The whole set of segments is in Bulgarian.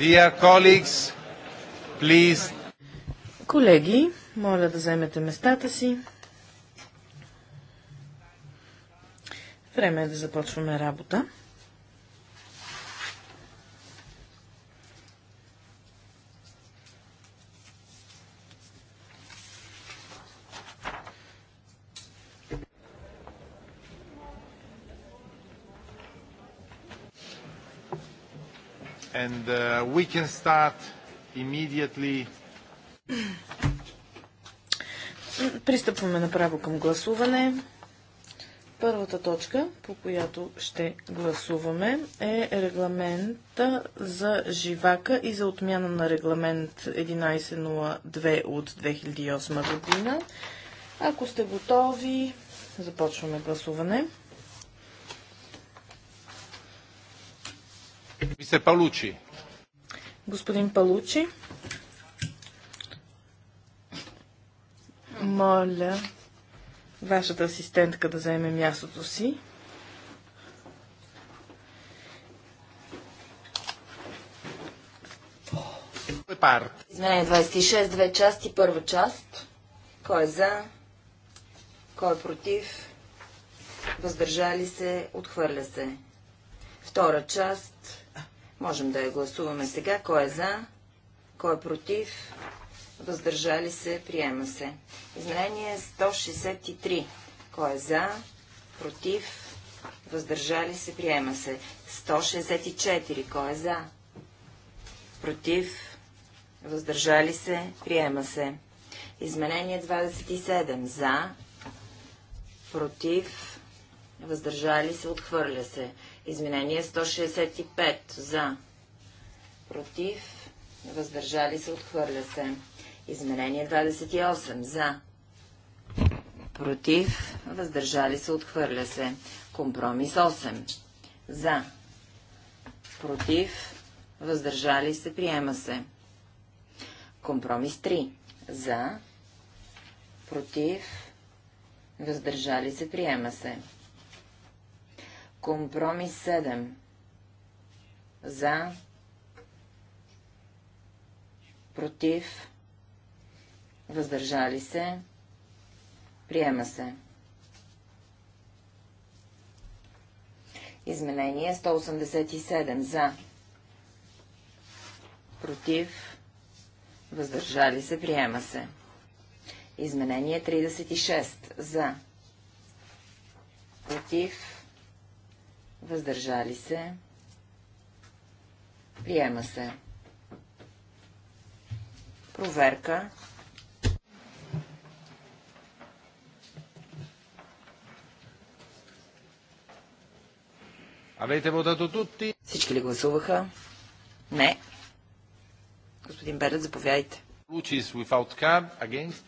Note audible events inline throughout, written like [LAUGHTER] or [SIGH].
Dear colleagues, please. Колеги, моля да вземете местата си. Време е да започваме работа. we can start immediately. Пристъпваме направо към гласуване. Първата точка, по която ще гласуваме, е регламента за живака и за отмяна на регламент 1102 от 2008 година. Ако сте готови, започваме гласуване. Мистер Паулучи. Господин Палучи, моля вашата асистентка да заеме мястото си. Изменение 26, две части, първа част. Кой е за? Кой е против? Въздържали се, отхвърля се. Втора част. Можем да я гласуваме сега. Кой е за? Кой е против? Въздържали се? Приема се. Изменение 163. Кой е за? Против? Въздържали се? Приема се. 164. Кой е за? Против? Въздържали се? Приема се. Изменение 27. За? Против? Въздържали се? Отхвърля се. Изменение 165 за, против, въздържали се, отхвърля се. Изменение 28 за, против, въздържали се, отхвърля се. Компромис 8 за, против, въздържали се, приема се. Компромис 3 за, против, въздържали се, приема се. Компромис 7. За. Против. Въздържали се. Приема се. Изменение 187. За. Против. Въздържали се. Приема се. Изменение 36. За. Против въздържали се, приема се. Проверка. Avete votato tutti? Всички ли гласуваха? Не. Господин Берет, заповядайте.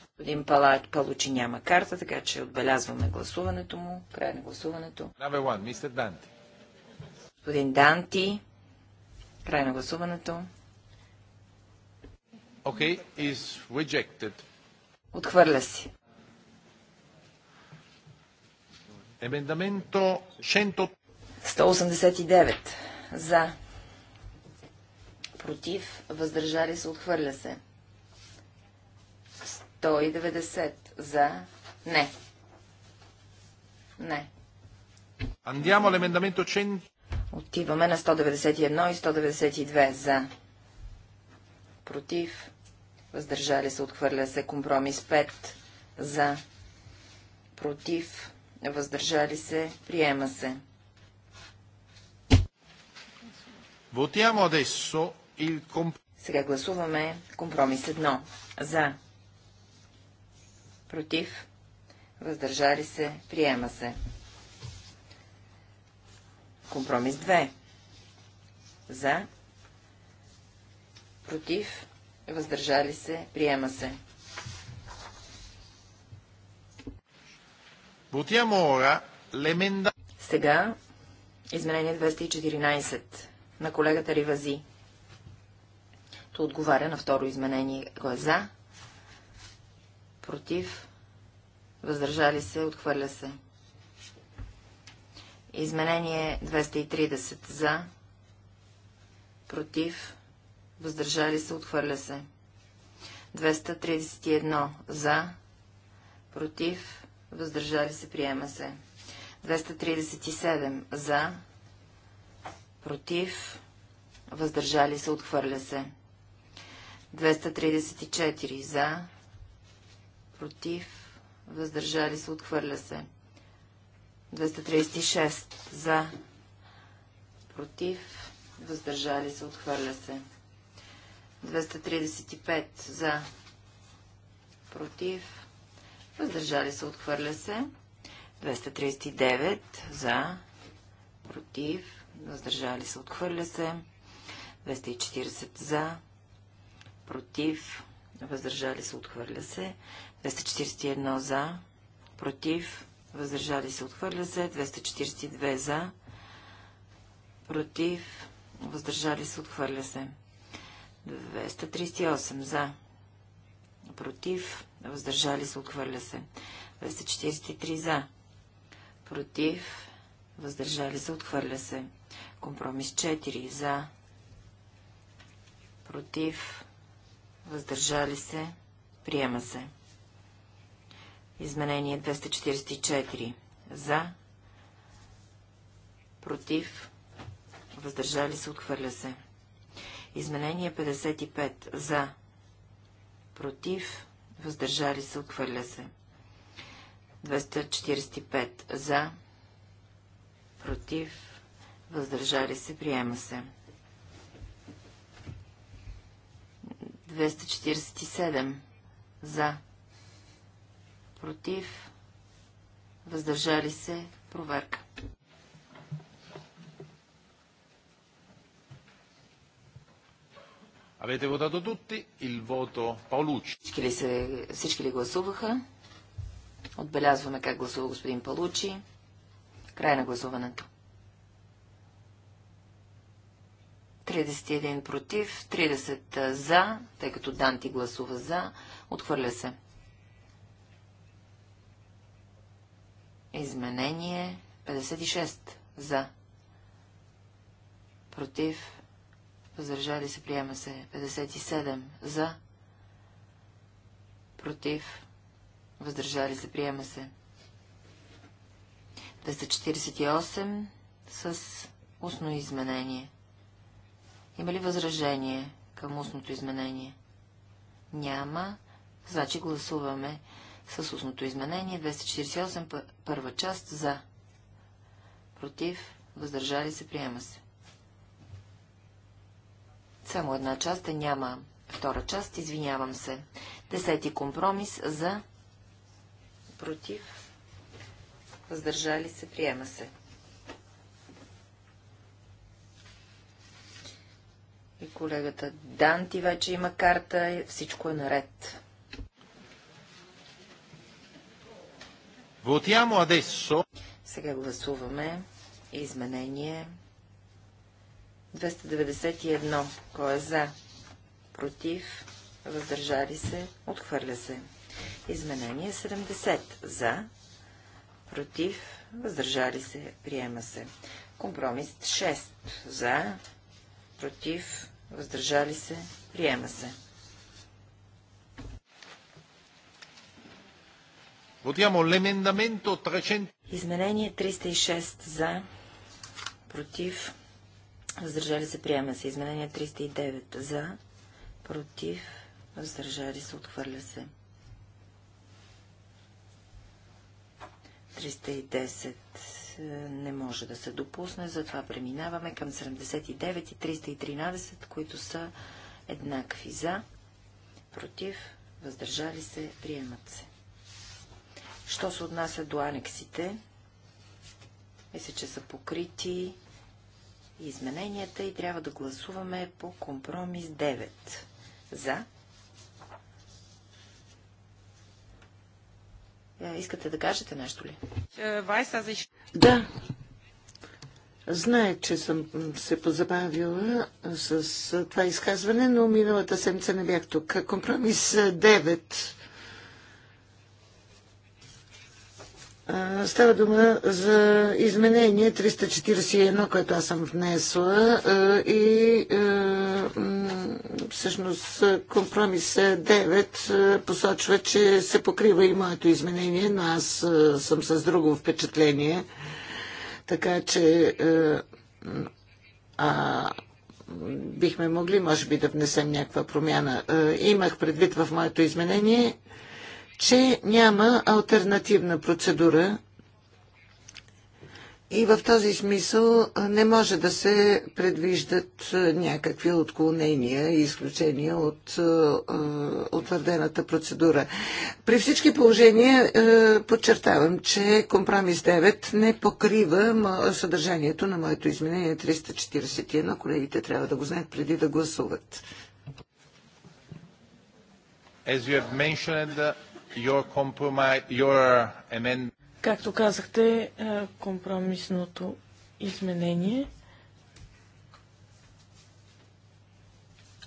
Господин Палат получи няма карта, така че отбелязваме гласуването му. Край на гласуването. Number one, мистер Данти. Господин Данти. Край на гласуването. Okay, is rejected. Отхвърля се. Емендаменто 189. За. Против. Въздържали се. Отхвърля се. 190. За. Не. Не. Andiamo all'emendamento 100. Отиваме на 191 и 192 за. Против. Въздържали се, отхвърля се компромис 5 за. Против. Въздържали се, приема се. Votiamo adesso il Сега гласуваме компромис 1. За. Против. Въздържали се. Приема се. Компромис 2. За. Против. Въздържали се. Приема се. Сега изменение 214 на колегата Ривази. То отговаря на второ изменение. Кой е за? Против? Въздържали се? Отхвърля се. Изменение 230 за, против, въздържали се, отхвърля се. 231 за, против, въздържали се, приема се. 237 за, против, въздържали се, отхвърля се. 234 за, против, въздържали се, отхвърля се. 236 за, против, въздържали се, отхвърля се. 235 за, против, въздържали се, отхвърля се. 239 за, против, въздържали се, отхвърля се. 240 за, против, въздържали се, отхвърля се. 241 за, против, въздържали се, отхвърля се, 242 за, против, въздържали се, отхвърля се, 238 за, против, въздържали се, отхвърля се, 243 за, против, въздържали се, отхвърля се, компромис 4 за, против, въздържали се, приема се. Изменение 244. За. Против. Въздържали се. Отхвърля се. Изменение 55. За. Против. Въздържали се. Отхвърля се. 245. За. Против. Въздържали се. Приема се. 247. За против, въздържали се, проверка. Avete votato tutti il voto Paolucci. Всички ли, се, всички ли гласуваха? Отбелязваме как гласува господин Палучи. Край на гласуването. 31 против, 30 за, тъй като Данти гласува за. Отхвърля се. Изменение 56. За. Против. Въздържали се. Приема се. 57. За. Против. Въздържали се. Приема се. 248 с устно изменение. Има ли възражение към устното изменение? Няма. Значи гласуваме с устното изменение 248 първа част за. Против. Въздържали се. Приема се. Само една част е няма. Втора част. Извинявам се. Десети компромис за. Против. Въздържали се. Приема се. И колегата Данти вече има карта. Всичко е наред. Votiamo adesso. Сега гласуваме изменение 291. Кой е за? Против? Въздържали се? Отхвърля се. Изменение 70. За? Против? Въздържали се? Приема се. Компромис 6. За? Против? Въздържали се? Приема се. Изменение 306 за, против, въздържали се, приема се. Изменение 309 за, против, въздържали се, отхвърля се. 310 е, не може да се допусне, затова преминаваме към 79 и 313, които са еднакви за, против, въздържали се, приемат се. Що се отнася до анексите, мисля, че са покрити измененията и трябва да гласуваме по компромис 9. За. Е, искате да кажете нещо ли? Е, да. Знае, че съм се позабавила с това изказване, но миналата седмица не бях тук. Компромис 9 Става дума за изменение 341, което аз съм внесла и всъщност компромис 9 посочва, че се покрива и моето изменение, но аз съм с друго впечатление. Така че а, бихме могли, може би, да внесем някаква промяна. Имах предвид в моето изменение че няма альтернативна процедура и в този смисъл не може да се предвиждат някакви отклонения и изключения от утвърдената процедура. При всички положения подчертавам, че компромис 9 не покрива съдържанието на моето изменение 341. Колегите трябва да го знаят преди да гласуват. As you have mentioned, Uh, Както казахте, е, компромисното изменение.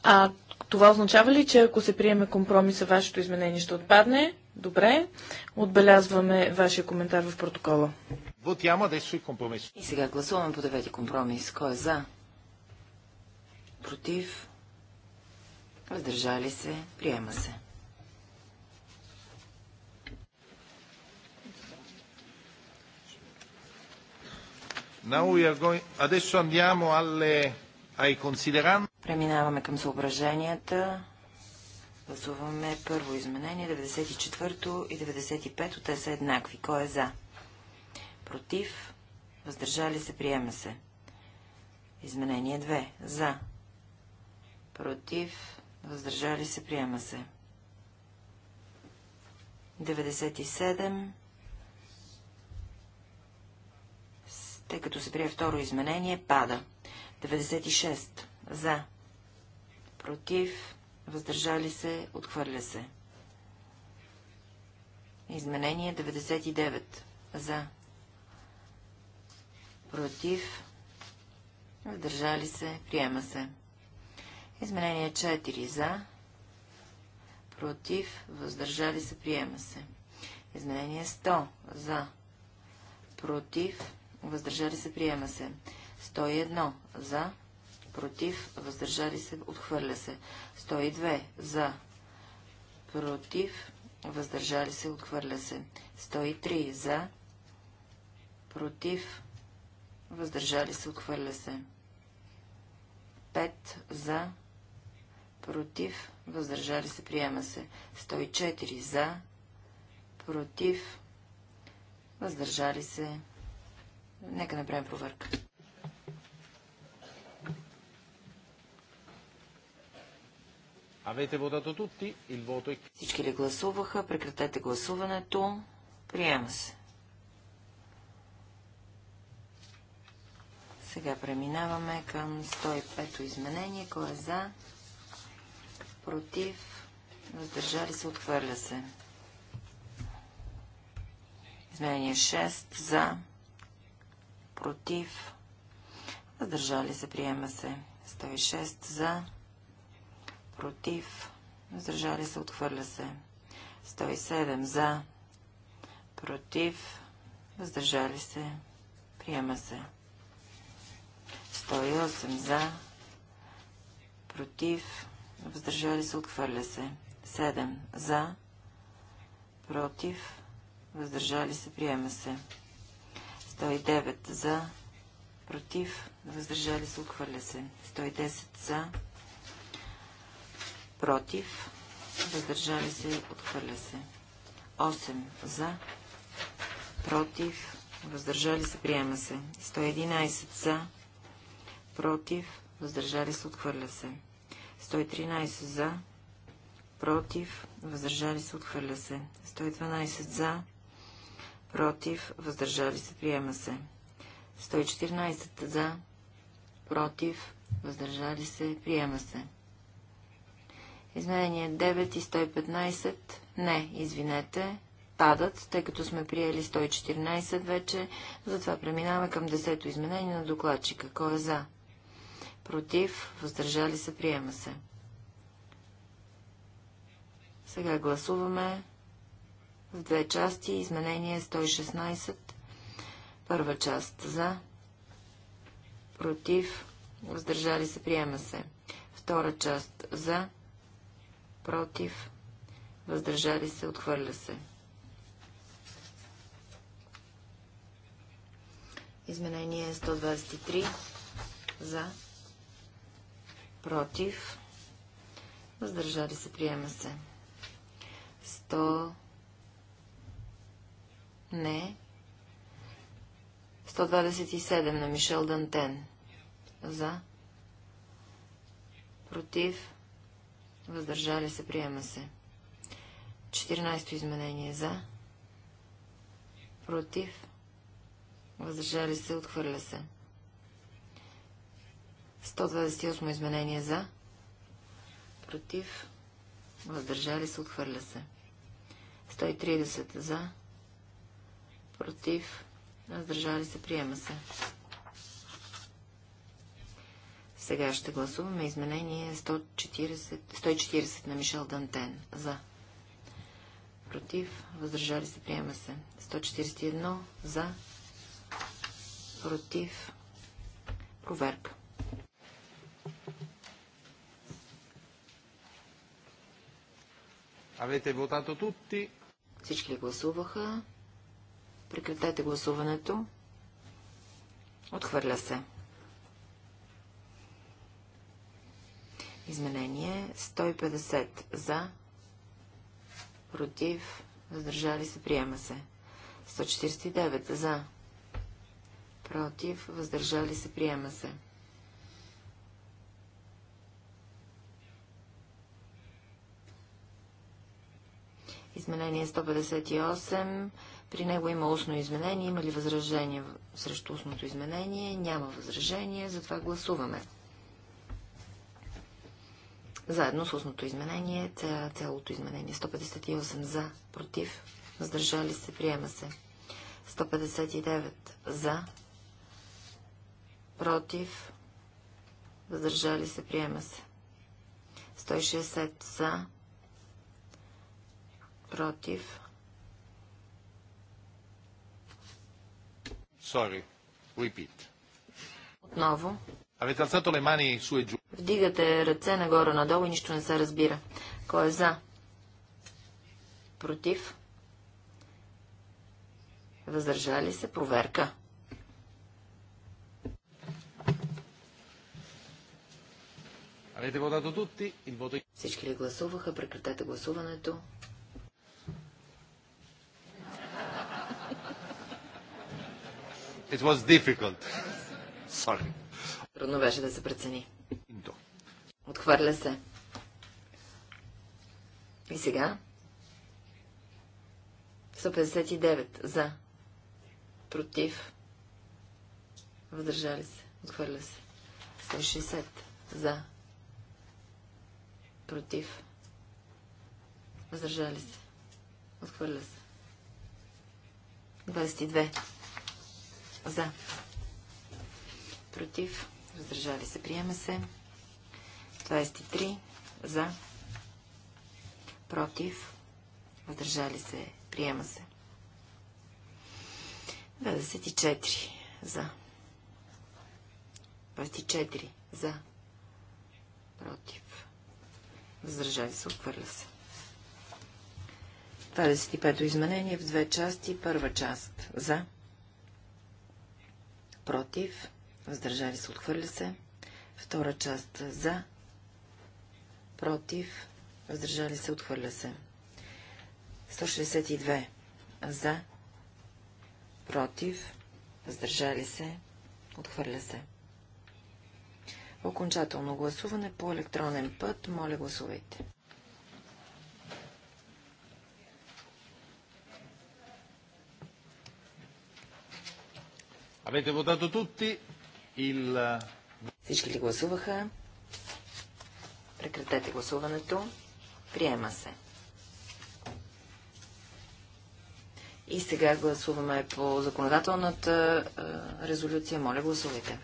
А това означава ли, че ако се приеме компромиса, вашето изменение ще отпадне? Добре. Отбелязваме вашия коментар в протокола. Е И сега гласуваме по девети компромис. Кой е за? Против? Въздържали се? Приема се. Преминаваме към съображенията. Гласуваме първо изменение, 94 и 95-то. Те са еднакви. Кой е за? Против? Въздържали се? Приема се. Изменение 2. За. Против? Въздържали се? Приема се. 97. тъй като се прие второ изменение, пада. 96. За. Против. Въздържали се. Отхвърля се. Изменение 99. За. Против. Въздържали се. Приема се. Изменение 4. За. Против. Въздържали се. Приема се. Изменение 100. За. Против въздържали се, приема се. 101 за, против, въздържали се, отхвърля се. 102 за, против, въздържали се, отхвърля се. 103 за, против, въздържали се, отхвърля се. 5 за, против, въздържали се, приема се. 104 за, против, въздържали се, Нека направим проверка. Avete votato tutti? и voto е... Всички ли гласуваха? Прекратете гласуването. Приема се. Сега преминаваме към 105-то изменение. Кой е за? Против? Въздържали се? Отхвърля се. Изменение 6. За? против, въздържали се, приема се. 106 за, против, въздържали се, отхвърля се. 107 за, против, въздържали се, приема се. 108 за, против, въздържали се, отхвърля се. 7 за, против, въздържали се, приема се. 109 за, против, въздържали се, отхвърля се. 110 за, против, въздържали се, отхвърля се. 8 за, против, въздържали се, приема се. 111 за, против, въздържали се, отхвърля се. 113 за, против, въздържали се, отхвърля се. 112 за, против, въздържали се, приема се. 114 за, против, въздържали се, приема се. Изменение 9 и 115, не, извинете, падат, тъй като сме приели 114 вече, затова преминаваме към 10-то изменение на докладчика. Кой е за? Против, въздържали се, приема се. Сега гласуваме в две части. Изменение 116. Първа част за, против, въздържали се, приема се. Втора част за, против, въздържали се, отхвърля се. Изменение 123 за, против, въздържали се, приема се. 100 не. 127 на Мишел Дантен. За. Против. Въздържали се. Приема се. 14 изменение. За. Против. Въздържали се. Отхвърля се. 128 изменение. За. Против. Въздържали се. Отхвърля се. 130 за против, въздържали се, приема се. Сега ще гласуваме изменение 140, 140 на Мишел Дантен. За. Против. Въздържали се. Приема се. 141. За. Против. Проверка. Авете вотато тутти. Всички гласуваха. Прекратете гласуването. Отхвърля се. Изменение 150 за, против, въздържали се, приема се. 149 за, против, въздържали се, приема се. Изменение 158 при него има устно изменение. Има ли възражение срещу устното изменение? Няма възражение, затова гласуваме. Заедно с устното изменение, цялото изменение. 158 за, против, въздържали се, приема се. 159 за, против, въздържали се, приема се. 160 за, против, Sorry. Repeat. Отново. Avete alzato le mani su e giù. Вдигате ръце нагоре-надолу и нищо не се разбира. Кой е за? Против? Въздържали се? Проверка. Всички ли гласуваха? Прекратете гласуването. It was difficult. Sorry. Трудно беше да се прецени. Отхвърля се. И сега? 159 за. Против. Въздържали се. Отхвърля се. 160 за. Против. Въздържали се. Отхвърля се. 22 за. Против. Въздържали се. Приема се. 23. За. Против. Въздържали се. Приема се. 24. За. 24. За. Против. Въздържали се. отвърля се. 25 изменение в две части. Първа част. За против, въздържали се, отхвърля се. Втора част за, против, въздържали се, отхвърля се. 162 за, против, въздържали се, отхвърля се. Окончателно гласуване по електронен път. Моля, гласувайте. Avete votato tutti? Il... Всички ли гласуваха? Прекратете гласуването. Приема се. И сега гласуваме по законодателната резолюция. Моля, гласувайте.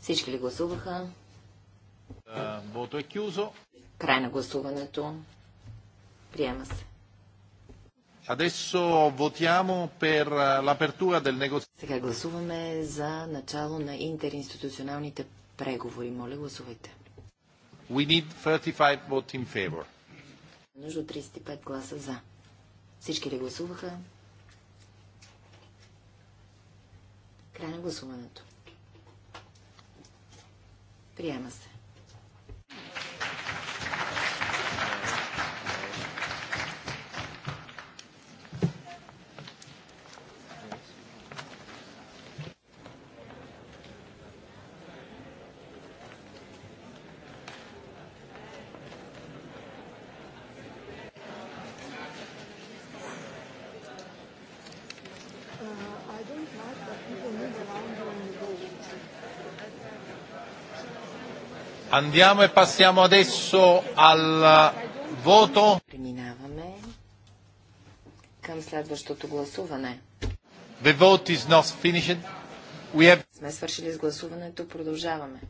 Всички ли гласуваха? е кюзо. Край на гласуването. Приема се. Adesso votiamo per eh, l'apertura del negoziato. Сега гласуваме за начало на интеринституционалните преговори. Моля, гласувайте. We need 35 votes in favor. Нужда 35 гласа за. Всички ли гласуваха? Край на гласуването. Приема се. Andiamo e passiamo adesso al voto. The vote is not finished. We have... свършили с гласуването, продължаваме.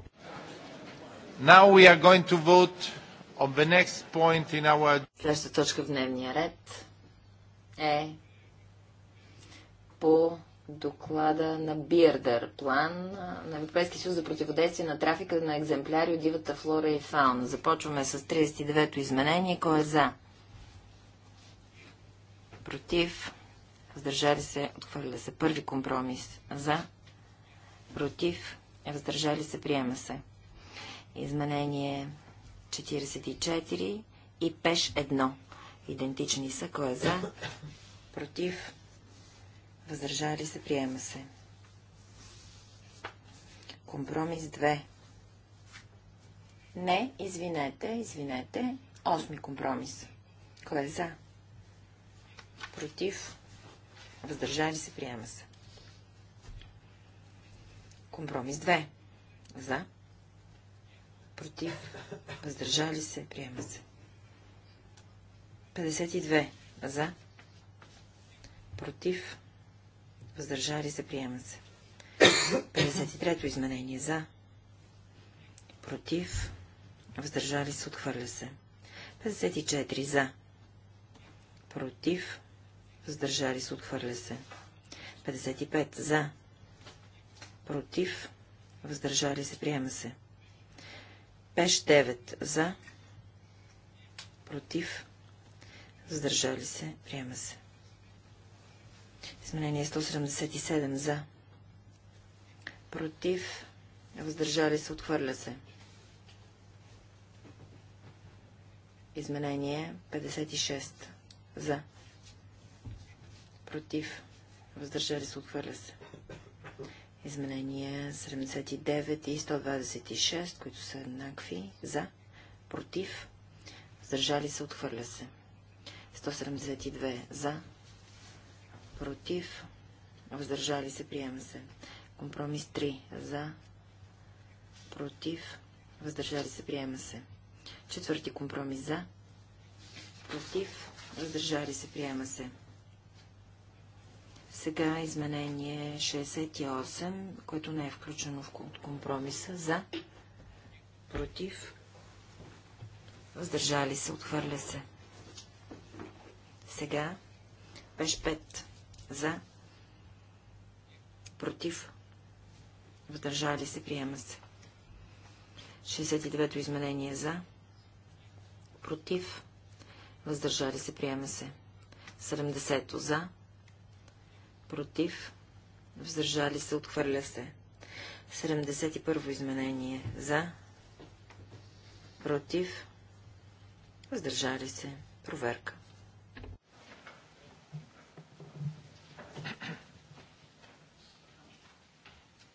Now we are going to vote on the next point in our... Следващата точка в дневния ред е по доклада на Бирдър, план на Европейския съюз за противодействие на трафика на екземпляри от дивата флора и фауна. Започваме с 39-то изменение. Кой е за? Против? Въздържали се? Отхвърля се. Първи компромис. За? Против? Въздържали се? Приема се. Изменение 44 и пеш 1. Идентични са. Кой е за? Против? Въздържали се, приема се. Компромис 2. Не, извинете, извинете. Осми компромис. Кой е за? Против. Въздържали се, приема се. Компромис 2. За. Против. Въздържали се, приема се. 52. За. Против въздържали се, приема се. 53-то изменение за, против, въздържали се, отхвърля се. 54 за, против, въздържали се, отхвърля се. 55 за, против, въздържали се, приема се. Пеш 9 за, против, въздържали се, приема се. Изменение 177 за. Против. Въздържали се. Отхвърля се. Изменение 56 за. Против. Въздържали се. Отхвърля се. Изменение 79 и 126, които са еднакви. За. Против. Въздържали се. Отхвърля се. 172 за против, въздържали се, приема се. Компромис 3 за, против, въздържали се, приема се. Четвърти компромис за, против, въздържали се, приема се. Сега изменение 68, което не е включено в компромиса, за, против, въздържали се, отхвърля се. Сега беше 5 за, против, въздържали се, приема се. 69-то изменение за, против, въздържали се, приема се. 70-то за, против, въздържали се, отхвърля се. 71-во изменение за, против, въздържали се, проверка.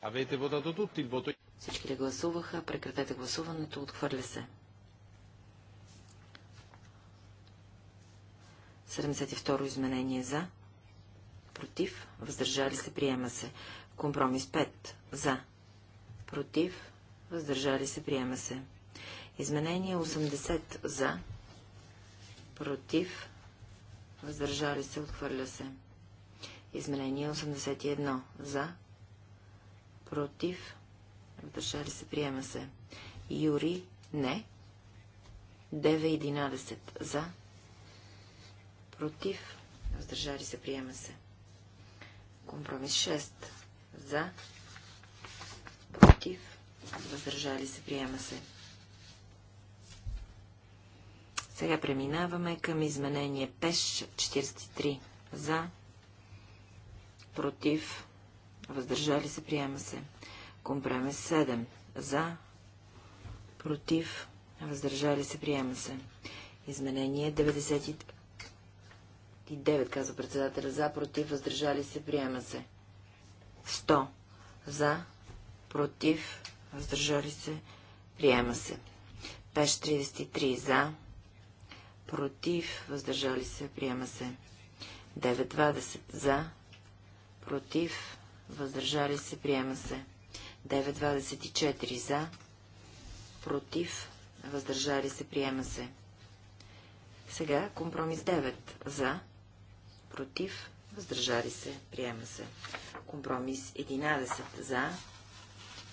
Авете водата тут и вото. Всички да гласуваха. Прекратете гласуването. Отхвърля се. 72 изменение за. Против. Въздържали се. Приема се. Компромис 5. За. Против. Въздържали се. Приема се. Изменение 80 за. Против. Въздържали се. Отхвърля се. Изменение 81 за против, въздържали се, приема се. Юри, не. 9-11 за, против, въздържали се, приема се. Компромис 6 за, против, въздържали се, приема се. Сега преминаваме към изменение ПЕШ 43 за, против, въздържали се, приема се. Компромис 7 за, против, въздържали се, приема се. Изменение 99, казва председателя, за, против, въздържали се, приема се. 100 за, против, въздържали се, приема се. 33. за, против, въздържали се, приема се. 920 за, против, въздържали се, приема се. 9.24 за, против, въздържали се, приема се. Сега компромис 9 за, против, въздържали се, приема се. Компромис 11 за,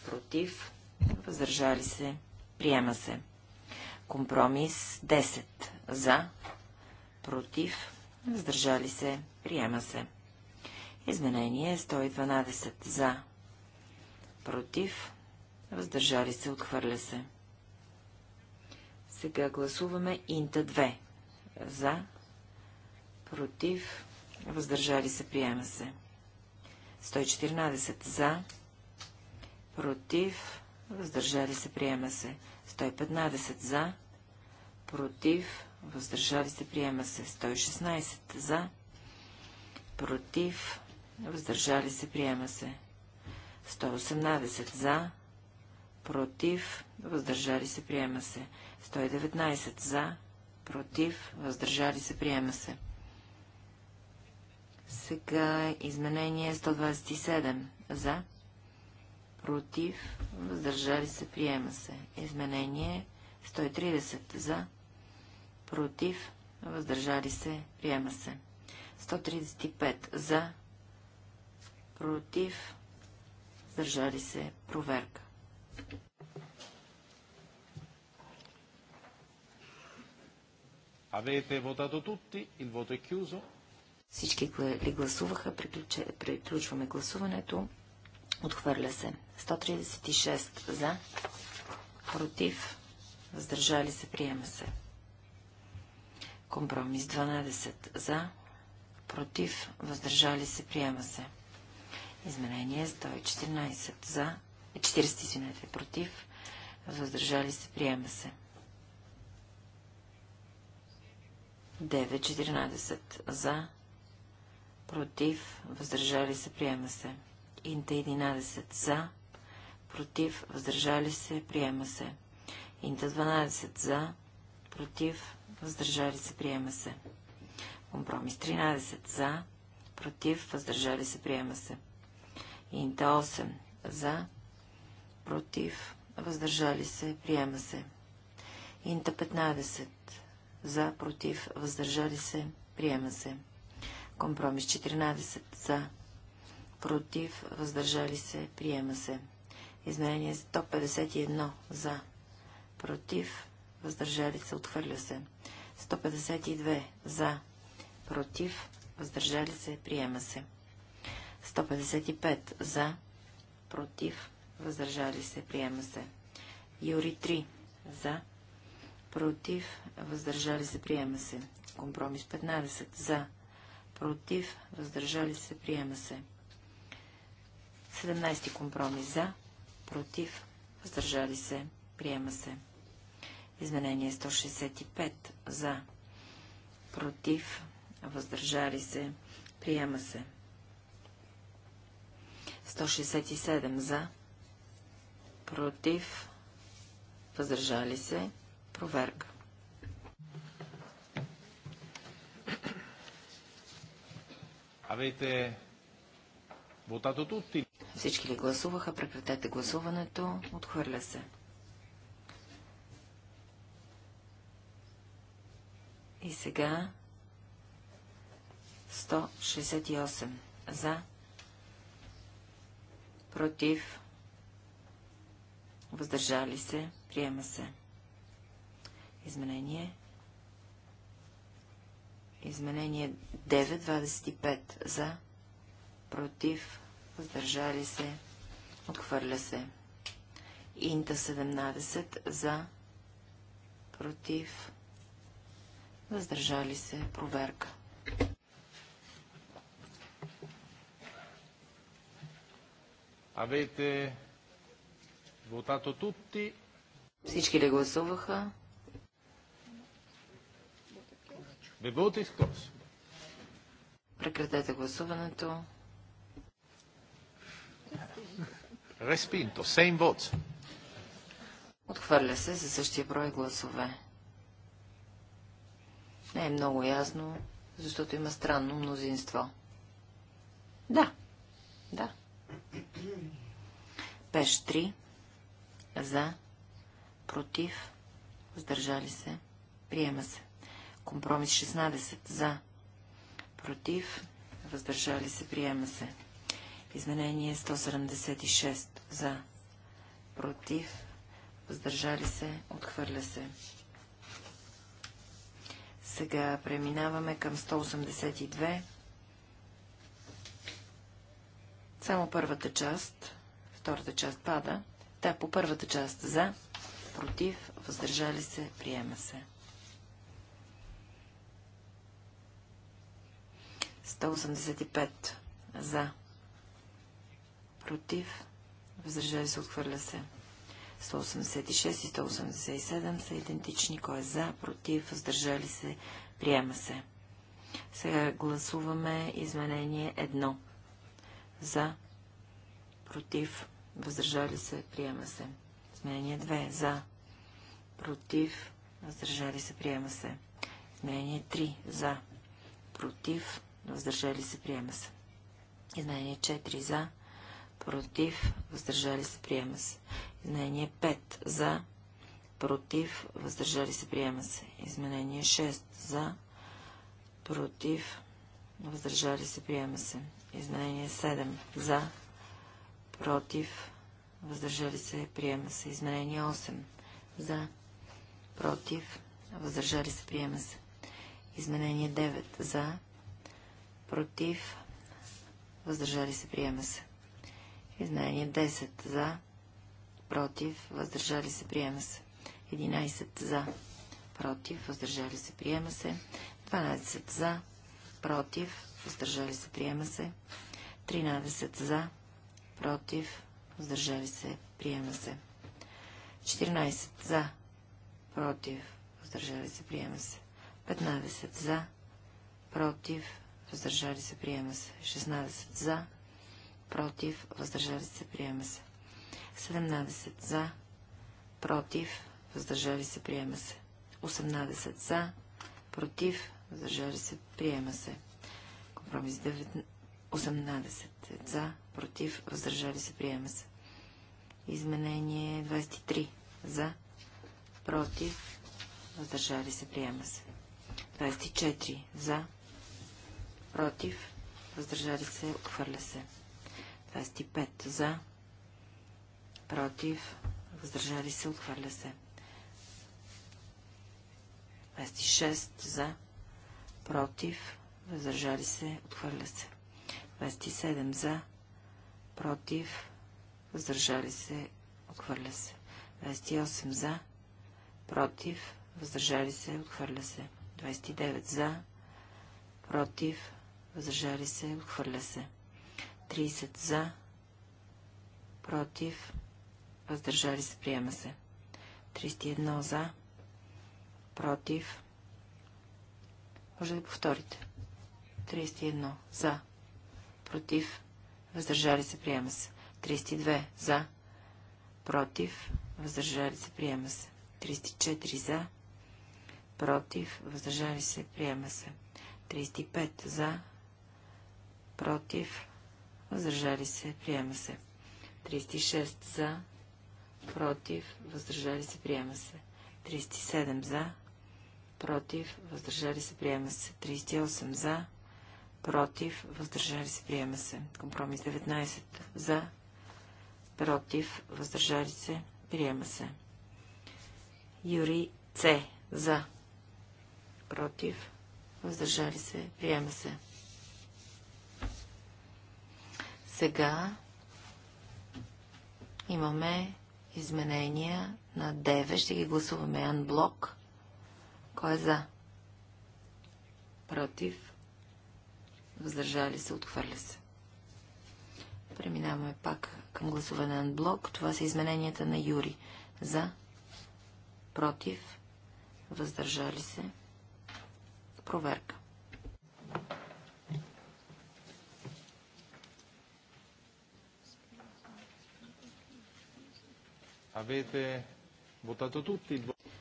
против, въздържали се, приема се. Компромис 10 за, против, въздържали се, приема се. Изменение 112 за. Против. Въздържали се. Отхвърля се. Сега гласуваме Инта 2. За. Против. Въздържали се. Приема се. 114 за. Против. Въздържали се. Приема се. 115 за. Против. Въздържали се. Приема се. 116 за. Против въздържали се, приема се. 118 за, против, въздържали се, приема се. 119 за, против, въздържали се, приема се. Сега е изменение 127 за, против, въздържали се, приема се. Изменение 130 за, против, въздържали се, приема се. 135 за, против, държали се, проверка. Avete votato tutti, il voto è chiuso. Всички ли гласуваха? Приключваме гласуването. Отхвърля се. 136 за, против, въздържали се, приема се. Компромис 12 за, против, въздържали се, приема се. Изменение 114 за, 40 против, въздържали се, приема се. 9.14 за, против, въздържали се, приема се. Инта 11 за, против, въздържали се, приема се. Инта 12 за, против, въздържали се, приема се. Компромис 13 за, против, въздържали се, приема се. Инта 8. За. Против. Въздържали се. Приема се. Инта 15. За. Против. Въздържали се. Приема се. Компромис 14. За. Против. Въздържали се. Приема се. Изменение 151. За. Против. Въздържали се. Отхвърля се. 152. За. Против. Въздържали се. Приема се. 155 за, против, въздържали се, приема се. Юри 3 за, против, въздържали се, приема се. Компромис 15 за, против, въздържали се, приема се. 17 компромис за, против, въздържали се, приема се. Изменение 165 за, против, въздържали се, приема се. 167 за, против, въздържали се, проверка. Всички ли гласуваха? Прекратете гласуването. Отхвърля се. И сега 168 за, против, въздържали се, приема се. Изменение. Изменение 9.25 за, против, въздържали се, отхвърля се. Инта 17 за, против, въздържали се, проверка. Avete votato tutti? Всички ли гласуваха? Беботи изклос. Прекратете гласуването. Респинто. Сейм вот. Отхвърля се за същия брой гласове. Не е много ясно, защото има странно мнозинство. Да. Да. Пеш 3. За. Против. Въздържали се. Приема се. Компромис 16. За. Против. Въздържали се. Приема се. Изменение 176. За. Против. Въздържали се. Отхвърля се. Сега преминаваме към 182. Само първата част. Втората част пада. Та, по първата част за, против, въздържали се, приема се. 185 за, против, въздържали се, отхвърля се. 186 и 187 са идентични. Кой е за, против, въздържали се, приема се. Сега гласуваме изменение 1. За. Против. Въздържали се. Приема се. Изменение 2. За. Против. Въздържали се. Приема се. Изменение 3. За. Против. Въздържали се. Приема се. Изменение 4. За. Против. Въздържали се. Приема се. Изменение 5. За. Против. Въздържали се. Приема се. Изменение 6. За. Против. Въздържали се. Приема се. Изменение 7. За. Против. Въздържали се. Приема се. Изменение 8. За. Против. Въздържали се. Приема се. Изменение 9. За. Против. Въздържали се. Приема се. Изменение 10. За. Против. Въздържали се. Приема се. 11. За. Против. Въздържали се. Приема се. 12. За. Против въздържали се, приема се. 13 за, против, въздържали се, приема се. 14 за, против, въздържали се, приема се. 15 за, против, въздържали се, приема се. 16 за, против, въздържали се, приема се. 17 за, против, въздържали се, приема се. 18 за, против, въздържали се, приема се проби 9... 18. За, против, въздържали се, приема се. Изменение 23. За, против, въздържали се, приема се. 24. За, против, въздържали се, отхвърля се. 25. За, против, въздържали се, отхвърля се. 26. За, против, въздържали се, отхвърля се. 27 за, против, въздържали се, отхвърля се. 28 за, против, въздържали се, отхвърля се. 29 за, против, въздържали се, отхвърля се. 30 за, против, въздържали се, приема се. 31 за, против. Може да повторите. 31. За. Против. Въздържали се. Приема се. 32. За. Против. Въздържали се. Приема се. 34. За. Против. Въздържали се. Приема се. 35. За. Против. Въздържали се. Приема се. 36. За. Против. Въздържали се. Приема се. 37. За. Против. Въздържали се. Приема се. 38. За против, въздържали се, приема се. Компромис 19 за, против, въздържали се, приема се. Юри С за, против, въздържали се, приема се. Сега имаме изменения на 9. Ще ги гласуваме анблок. Кой е за? Против? въздържали се, отхвърля се. Преминаваме пак към гласуване на блок. Това са измененията на Юри. За, против, въздържали се. Проверка.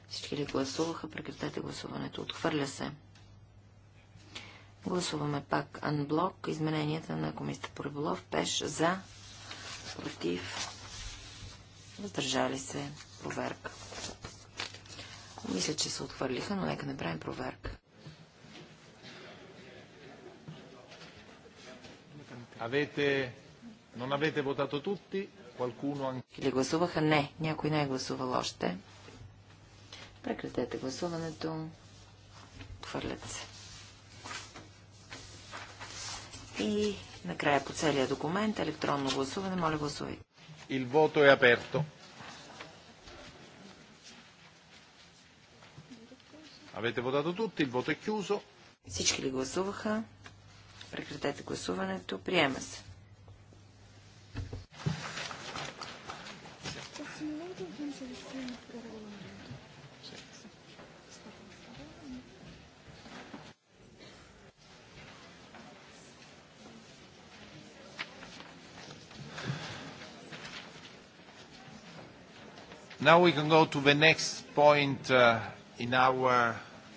Всички ли гласуваха? Прекратете гласуването. Отхвърля се. Гласуваме пак анблок измененията на комисията по риболов. Пеш за, против, въздържали се, проверка. Мисля, че се отхвърлиха, но нека направим проверка. Avete... Non avete votato tutti? Qualcuno anche... Или гласуваха не. Някой не е гласувал още. Прекратете гласуването. Отхвърлят се. И накрая по целия документ електронно гласуване. Моля гласувайте. Il voto è aperto. Avete votato tutti, il voto è chiuso. Всички ли гласуваха? Прекратете гласуването. Приема се. Now we can go to the next point uh, in our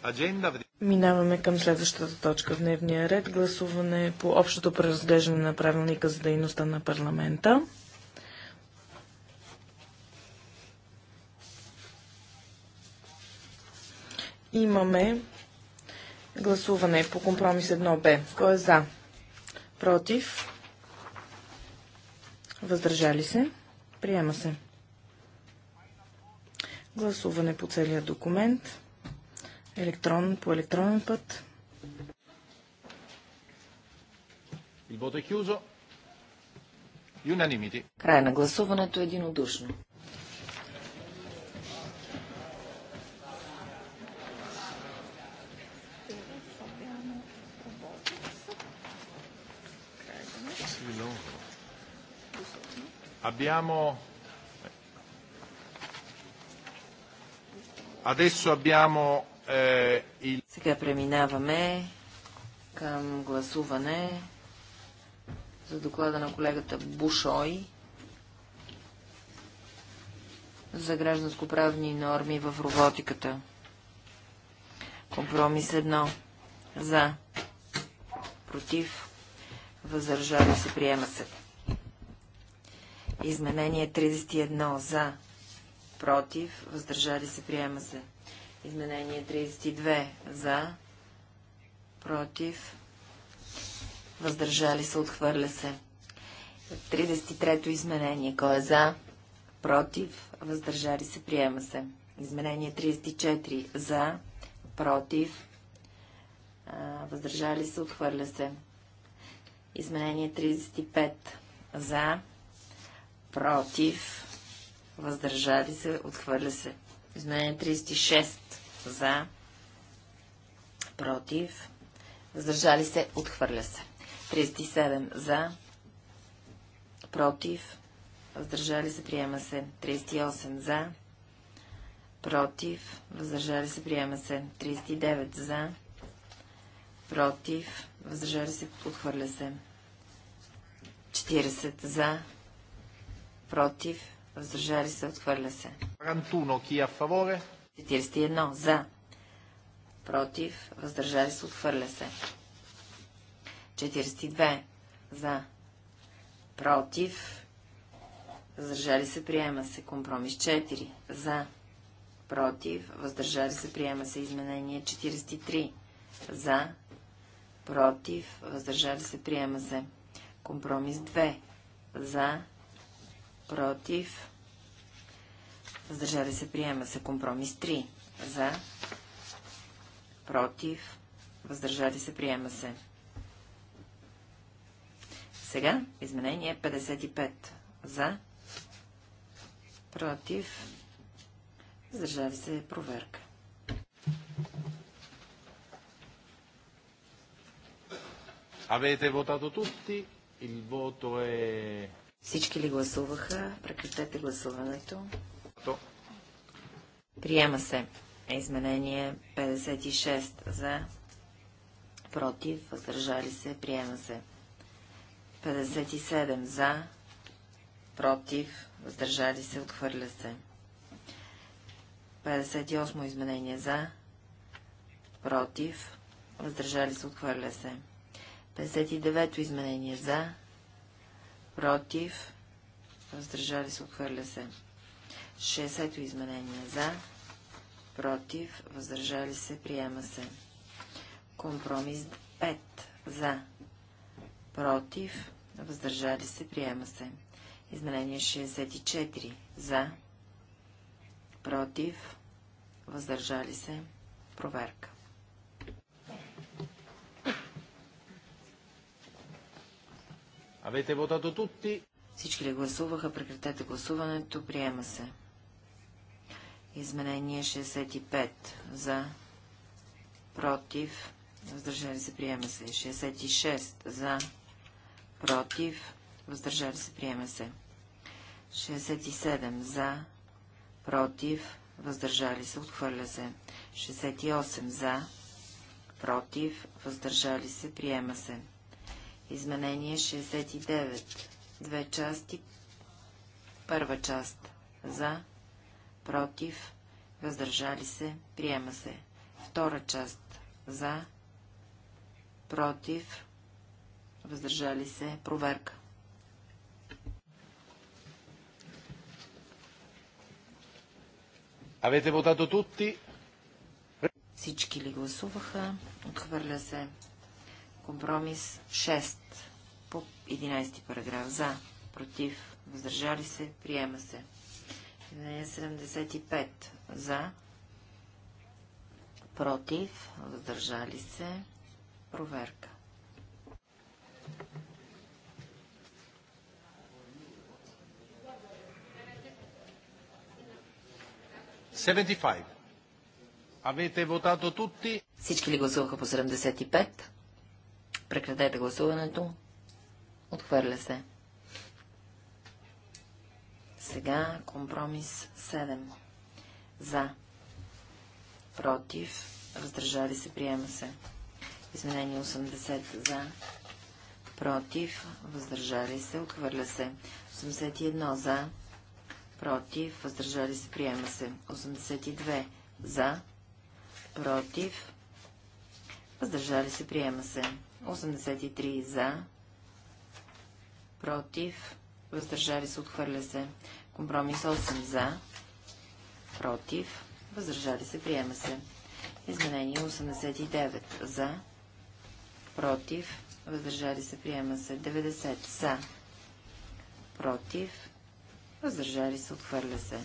agenda. Минаваме към следващата точка в дневния ред. Гласуване по общото преразглеждане на правилника за дейността на парламента. Имаме гласуване по компромис 1Б. Кой е за? Против? Въздържали се? Приема се. Гласуване по целия документ. Електрон по електронен път. Il voto è chiuso. Край на гласуването единодушно. Abbiamo Eh, Сега преминаваме към гласуване за доклада на колегата Бушой за гражданско-правни норми в роботиката. Компромис едно. За. Против. Въздържали се. Приема се. Изменение 31. За против, въздържали се, приема се. Изменение 32 за, против, въздържали се, отхвърля се. 33-то изменение. Кой е за? Против, въздържали се, приема се. Изменение 34 за, против, въздържали се, отхвърля се. Изменение 35 за, против, въздържали се, отхвърля се. Изменение 36 за, против, въздържали се, отхвърля се. 37 за, против, въздържали се, приема се. 38 за, против, въздържали се, приема се. 39 за, против, въздържали се, отхвърля се. 40 за, против, Въздържали се, отхвърля се. 41 за. Против, въздържали се, отхвърля се. 42 за. Против, въздържали се, приема се. Компромис 4 за. Против, въздържали се, приема се. Изменение 43 за. Против, въздържали се, приема се. Компромис 2 за против, въздържали се, приема се. Компромис 3 за, против, въздържали се, приема се. Сега изменение 55 за, против, въздържали се, проверка. Avete votato tutti, il voto è всички ли гласуваха? Прекратете гласуването. Приема се. Изменение 56 за. Против. Въздържали се. Приема се. 57 за. Против. Въздържали се. Отхвърля се. 58 изменение за. Против. Въздържали се. Отхвърля се. 59 изменение за против, въздържали се, отхвърля се. 60-то изменение за, против, въздържали се, приема се. Компромис 5 за, против, въздържали се, приема се. Изменение 64 за, против, въздържали се, проверка. Avete votato tutti? Всички ли гласуваха? Прекратете гласуването. Приема се. Изменение 65. За. Против. Въздържали се. Приема се. 66. За. Против. Въздържали се. Приема се. 67. За. Против. Въздържали се. Отхвърля се. 68. За. Против. Въздържали се. Приема се. Изменение 69. Две части. Първа част. За. Против. Въздържали се. Приема се. Втора част. За. Против. Въздържали се. Проверка. Авете votato tutti? Всички ли гласуваха? Отхвърля се. Компромис 6 по 11 параграф. За, против, въздържали се, приема се. Изменение 75. За, против, въздържали се, проверка. Avete votato tutti? Всички ли гласуваха по 75? Прекратете гласуването. Отхвърля се. Сега компромис 7. За. Против. Въздържали се. Приема се. Изменение 80. За. Против. Въздържали се. Отхвърля се. 81. За. Против. Въздържали се. Приема се. 82. За. Против. Въздържали се. Приема се. 83 за, против, въздържали се, отхвърля се. Компромис 8 за, против, въздържали се, приема се. Изменение 89 за, против, въздържали се, приема се. 90 за, против, въздържали се, отхвърля се.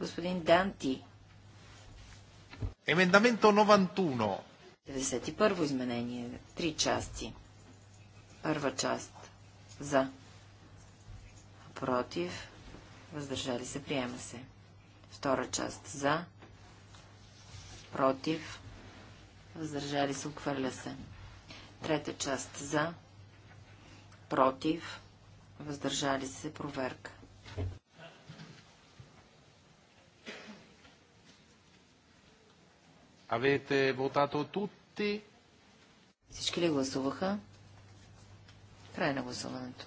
Господин Данти. Емендаменто 91. 91 изменение. Три части. Първа част. За. Против. Въздържали се. Приема се. Втора част. За. Против. Въздържали се. Отхвърля се. Трета част. За. Против. Въздържали се. Проверка. Avete votato tutti? Всички ли гласуваха? Край на гласуването.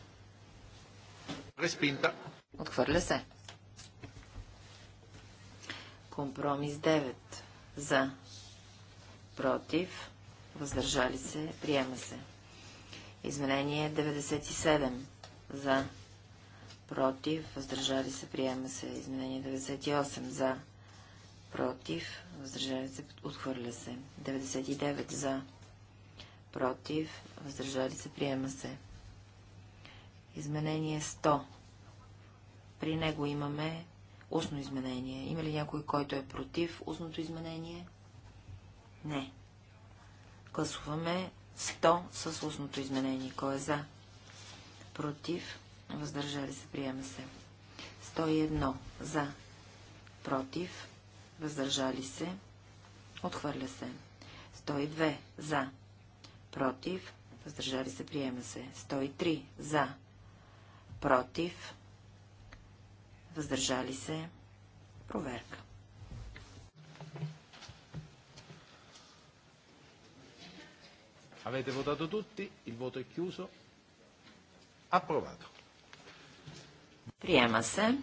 Респинта. Отхвърля се. Компромис 9. За. Против. Въздържали се. Приема се. Изменение 97. За. Против. Въздържали се. Приема се. Изменение 98. За против, въздържали се, отхвърля се. 99 за, против, въздържали се, приема се. Изменение 100. При него имаме устно изменение. Има ли някой, който е против устното изменение? Не. Гласуваме 100 с устното изменение. Кой е за? Против, въздържали се, приема се. 101 за, против, въздържали се, отхвърля се. 102 за, против, въздържали се, приема се. 103 за, против, въздържали се, проверка. Avete votato tutti, il voto è chiuso. Approvato. Приема се.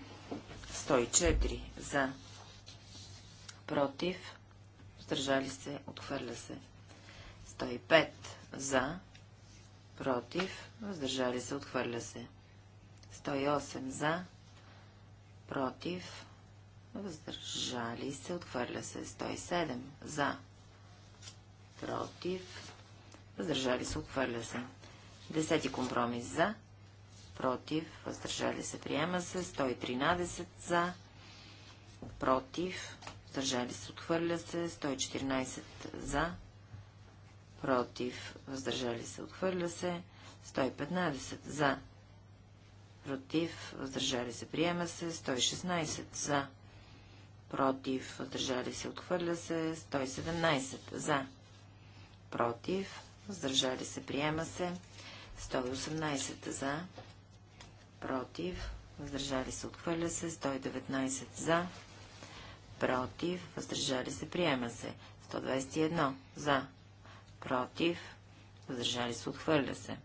104 за, против, въздържали се, отхвърля се. 105 за, против, въздържали се, отхвърля се. 108 за, против, въздържали се, отхвърля се. 107 за, против, въздържали се, отхвърля се. Десети компромис за, против, въздържали се, приема се. 113 за, против, въздържали се, отхвърля се, 114 за, против, въздържали се, отхвърля се, 115 за, против, въздържали се, приема се, 116 за, против, въздържали се, отхвърля се, 117 за, против, въздържали се, приема се, 118 за, против, въздържали се, отхвърля се, 119 за, против, въздържали се, приема се. 121 за, против, въздържали се, отхвърля се.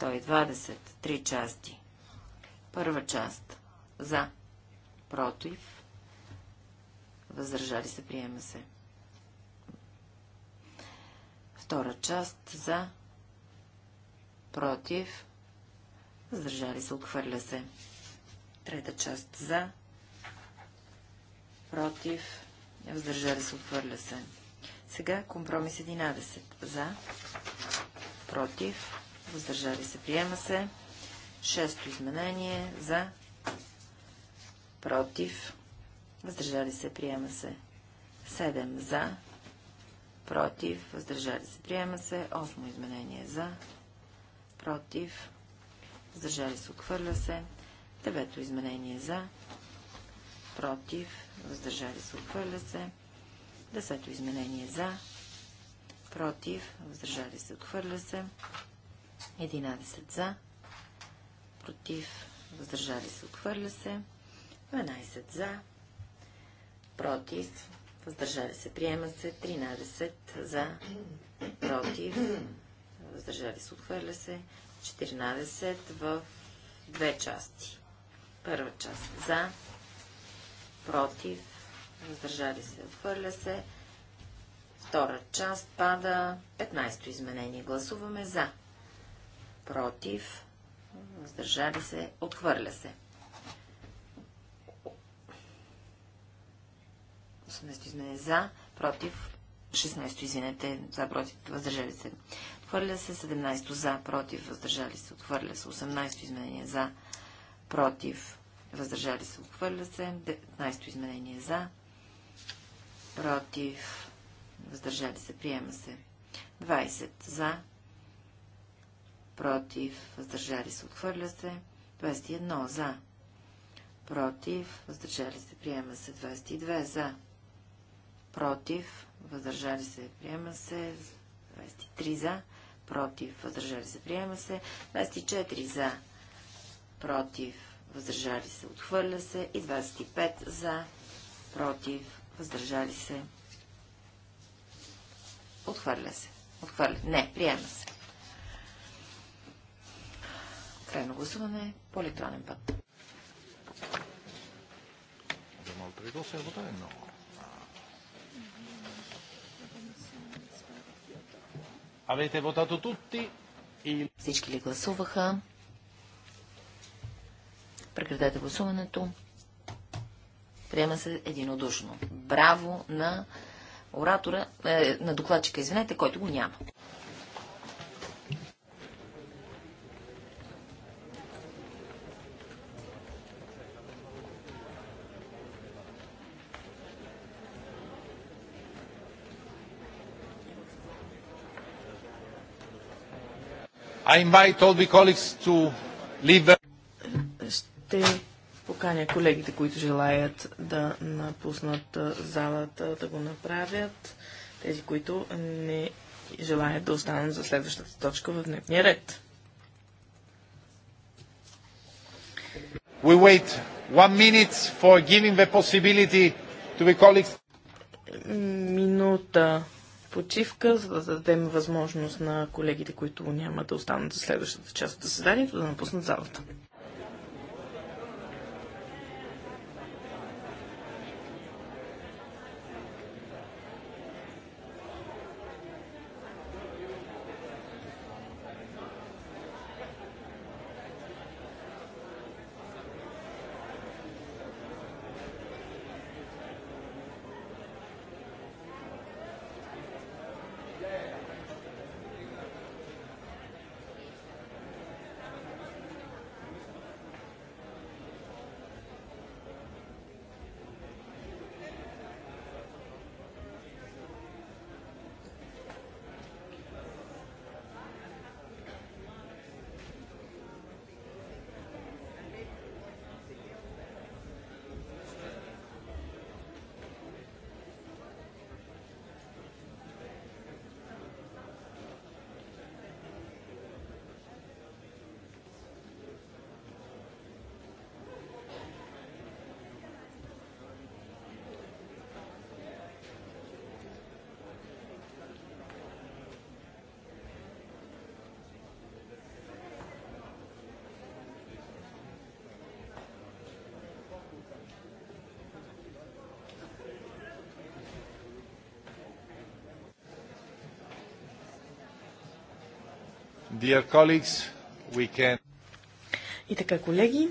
120, три части. Първа част, за, против, въздържали се, приема се. Втора част, за, против, въздържали се, отхвърля се. Трета част, за, против, въздържали се, отхвърля се. Сега компромис 11. За, против, въздържали се, приема се. Шесто изменение за, против, въздържали се, приема се. 7 за, против, въздържали се, приема се. Осмо изменение за, против, въздържали се, отвърля се. Девето изменение за, против, въздържали се, отхвърля се. Десето изменение за, против, въздържали се, отхвърля се. 11 за, против, въздържали се, отхвърля се. 12 за, против, въздържали се, приема се. 13 за, против, въздържали се, отхвърля се. 14 в две части. Първа част за, против, въздържали се, отхвърля се. Втора част пада. 15-то изменение. Гласуваме за. Против, въздържали се, отхвърля се. 18 изменение за, против, 16 извинете, за, против, въздържали се. Отхвърля се 17 за, против, въздържали се. Отхвърля се 18 изменение за, против, въздържали се, отхвърля се. 19 изменение за, против, въздържали се, приема се. 20 за, против, въздържали се, отхвърля се. 21 за, против, въздържали се, приема се. 22 за, против, въздържали се, приема се. 23 за, против, въздържали се, приема се. 24 за, против, въздържали се, отхвърля се и 25 за, против, въздържали се, отхвърля се, отхвърля, не, приема се. Крайно гласуване по електронен път. Всички ли гласуваха? Прекратете гласуването. Приема се единодушно. Браво на оратора, е, на докладчика, извинете, който го няма. I invite all the colleagues to leave ще поканя колегите, които желаят да напуснат залата, да го направят. Тези, които не желаят да останат за следващата точка в дневния ред. We wait one minute for giving the possibility to the colleagues. Минута почивка, за да дадем възможност на колегите, които няма да останат за следващата част от заседанието, да напуснат залата. Can... И така, колеги,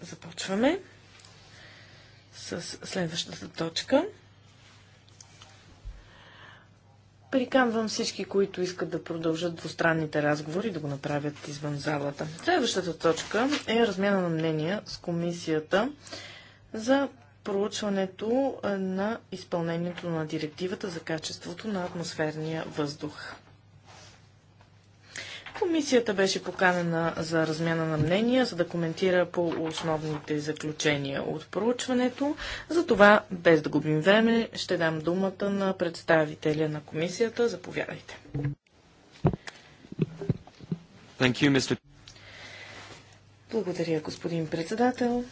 започваме с следващата точка. Приканвам всички, които искат да продължат двустранните разговори, да го направят извън залата. Следващата точка е размяна на мнения с комисията за проучването на изпълнението на директивата за качеството на атмосферния въздух. Комисията беше поканена за размяна на мнения, за да коментира по основните заключения от проучването. За това, без да губим време, ще дам думата на представителя на комисията. Заповядайте. Thank you, Mr. Благодаря, господин председател.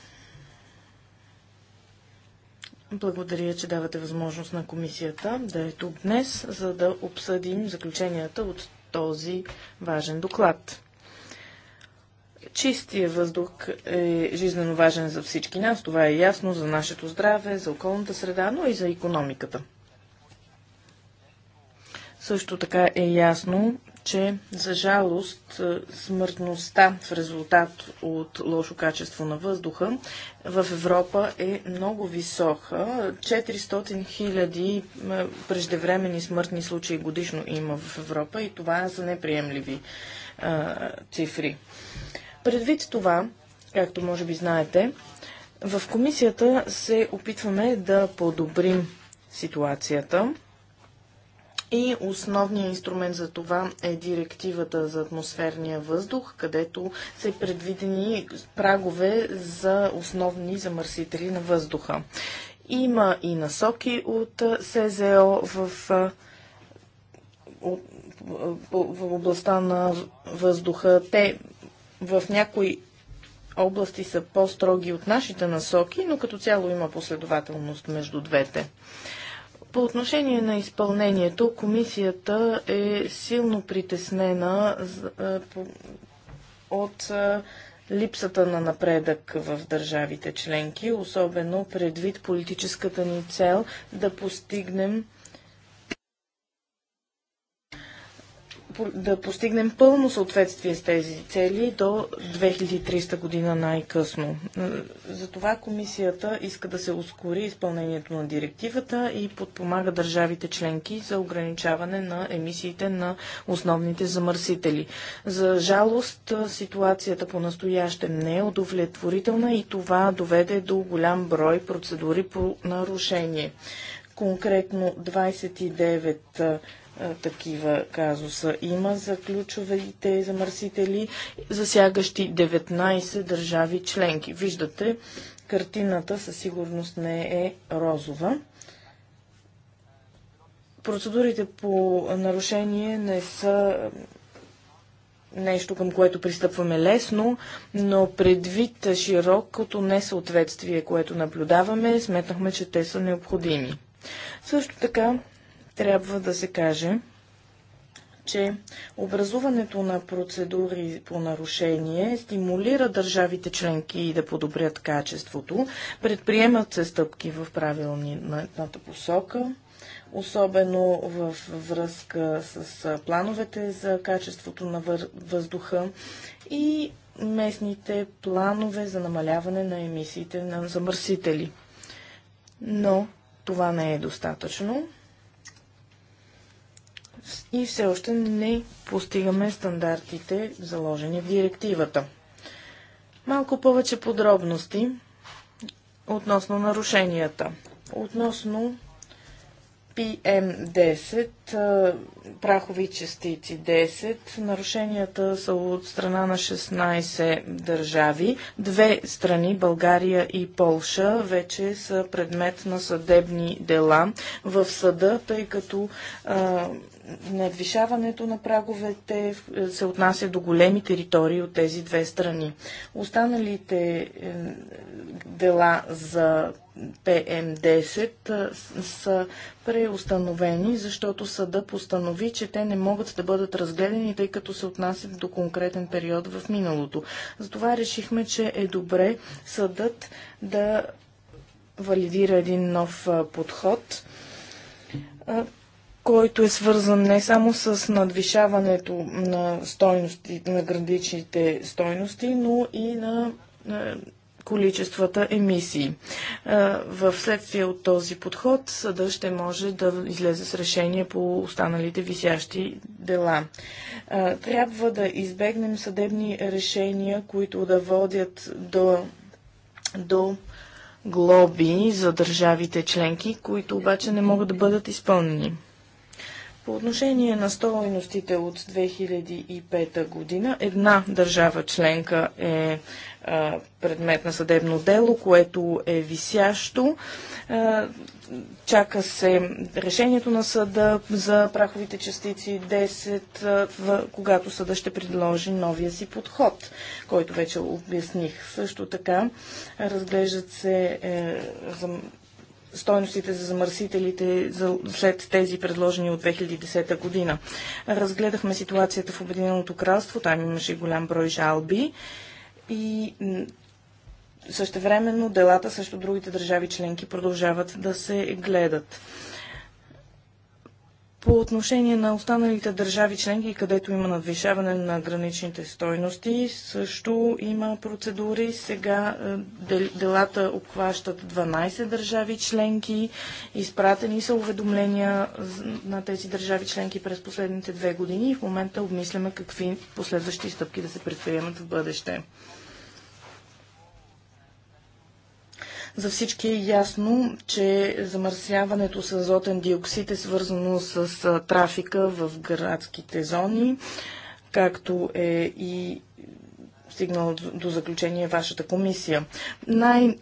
Благодаря, че давате възможност на комисията да е тук днес, за да обсъдим заключенията от този важен доклад. Чистия въздух е жизненно важен за всички нас, това е ясно, за нашето здраве, за околната среда, но и за економиката. Също така е ясно, че за жалост е, смъртността в резултат от лошо качество на въздуха в Европа е много висока. 400 хиляди е, преждевремени смъртни случаи годишно има в Европа и това са неприемливи а, е, цифри. Предвид това, както може би знаете, в комисията се опитваме да подобрим ситуацията и основният инструмент за това е директивата за атмосферния въздух, където са предвидени прагове за основни замърсители на въздуха. Има и насоки от СЗО в, в, в областта на въздуха. Те в някои области са по-строги от нашите насоки, но като цяло има последователност между двете. По отношение на изпълнението, комисията е силно притеснена от липсата на напредък в държавите членки, особено предвид политическата ни цел да постигнем да постигнем пълно съответствие с тези цели до 2300 година най-късно. Затова комисията иска да се ускори изпълнението на директивата и подпомага държавите членки за ограничаване на емисиите на основните замърсители. За жалост, ситуацията по настояще не е удовлетворителна и това доведе до голям брой процедури по нарушение. Конкретно 29 такива казуса има за ключовите замърсители, засягащи 19 държави членки. Виждате, картината със сигурност не е розова. Процедурите по нарушение не са нещо, към което пристъпваме лесно, но предвид широкото несъответствие, което наблюдаваме, сметнахме, че те са необходими. Също така трябва да се каже, че образуването на процедури по нарушение стимулира държавите членки да подобрят качеството, предприемат се стъпки в правилната посока, особено в връзка с плановете за качеството на въздуха и местните планове за намаляване на емисиите на замърсители. Но това не е достатъчно и все още не постигаме стандартите, заложени в директивата. Малко повече подробности относно нарушенията. Относно PM10, прахови частици 10. Нарушенията са от страна на 16 държави. Две страни, България и Полша, вече са предмет на съдебни дела в съда, тъй като а, надвишаването на праговете е, се отнася до големи територии от тези две страни. Останалите е, дела за ПМ-10 е, са преустановени, защото съда постанови, че те не могат да бъдат разгледани, тъй като се отнасят до конкретен период в миналото. Затова решихме, че е добре съдът да валидира един нов подход който е свързан не само с надвишаването на стойности, на граничните стойности, но и на количествата емисии. В следствие от този подход съда ще може да излезе с решение по останалите висящи дела. Трябва да избегнем съдебни решения, които да водят до, до глоби за държавите членки, които обаче не могат да бъдат изпълнени. По отношение на стойностите от 2005 година, една държава членка е предмет на съдебно дело, което е висящо. чака се решението на съда за праховите частици 10, когато съда ще предложи новия си подход, който вече обясних. Също така разглеждат се е, стойностите за замърсителите за, след тези предложени от 2010 година. Разгледахме ситуацията в Обединеното кралство, там имаше голям брой жалби и същевременно делата срещу другите държави членки продължават да се гледат. По отношение на останалите държави членки, където има надвишаване на граничните стойности, също има процедури. Сега е, делата обхващат 12 държави членки. Изпратени са уведомления на тези държави членки през последните две години и в момента обмисляме какви последващи стъпки да се предприемат в бъдеще. За всички е ясно, че замърсяването с азотен диоксид е свързано с трафика в градските зони, както е и стигнал до заключение вашата комисия. Най-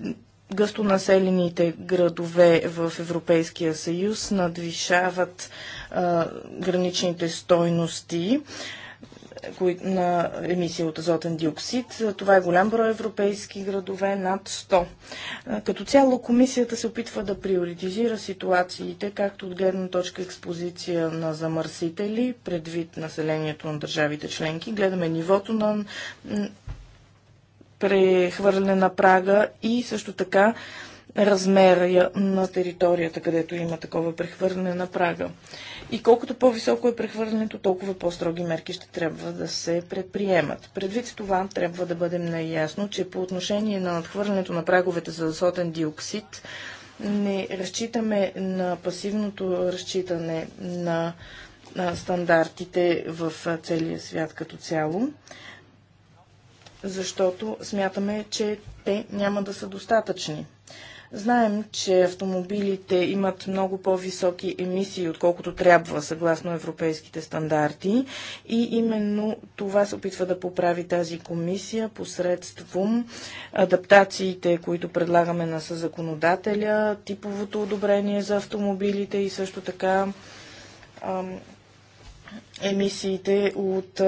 гъстонаселените градове в Европейския съюз надвишават а, граничните стойности. А, на емисия от азотен диоксид. Това е голям брой европейски градове, над 100. Като цяло комисията се опитва да приоритизира ситуациите, както от гледна точка експозиция на замърсители, предвид населението на държавите членки. Гледаме нивото на прехвърляне на прага и също така размера на територията, където има такова прехвърляне на прага и колкото по-високо е прехвърлянето, толкова по-строги мерки ще трябва да се предприемат. Предвид това трябва да бъдем наясно, че по отношение на надхвърлянето на праговете за азотен диоксид не разчитаме на пасивното разчитане на, на стандартите в целия свят като цяло, защото смятаме, че те няма да са достатъчни. Знаем, че автомобилите имат много по-високи емисии, отколкото трябва, съгласно европейските стандарти. И именно това се опитва да поправи тази комисия посредством адаптациите, които предлагаме на съзаконодателя, типовото одобрение за автомобилите и също така емисиите от,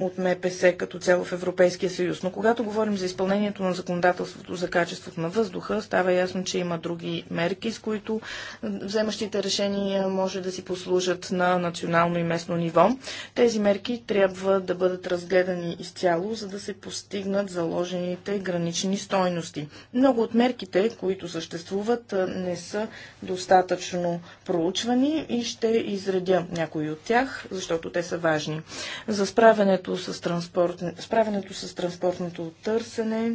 от МПС като цяло в Европейския съюз. Но когато говорим за изпълнението на законодателството за качеството на въздуха, става ясно, че има други мерки, с които вземащите решения може да си послужат на национално и местно ниво. Тези мерки трябва да бъдат разгледани изцяло, за да се постигнат заложените гранични стойности. Много от мерките, които съществуват, не са достатъчно проучвани и ще изредя някои от тях защото те са важни. За справянето с, транспорт, справянето с транспортното търсене,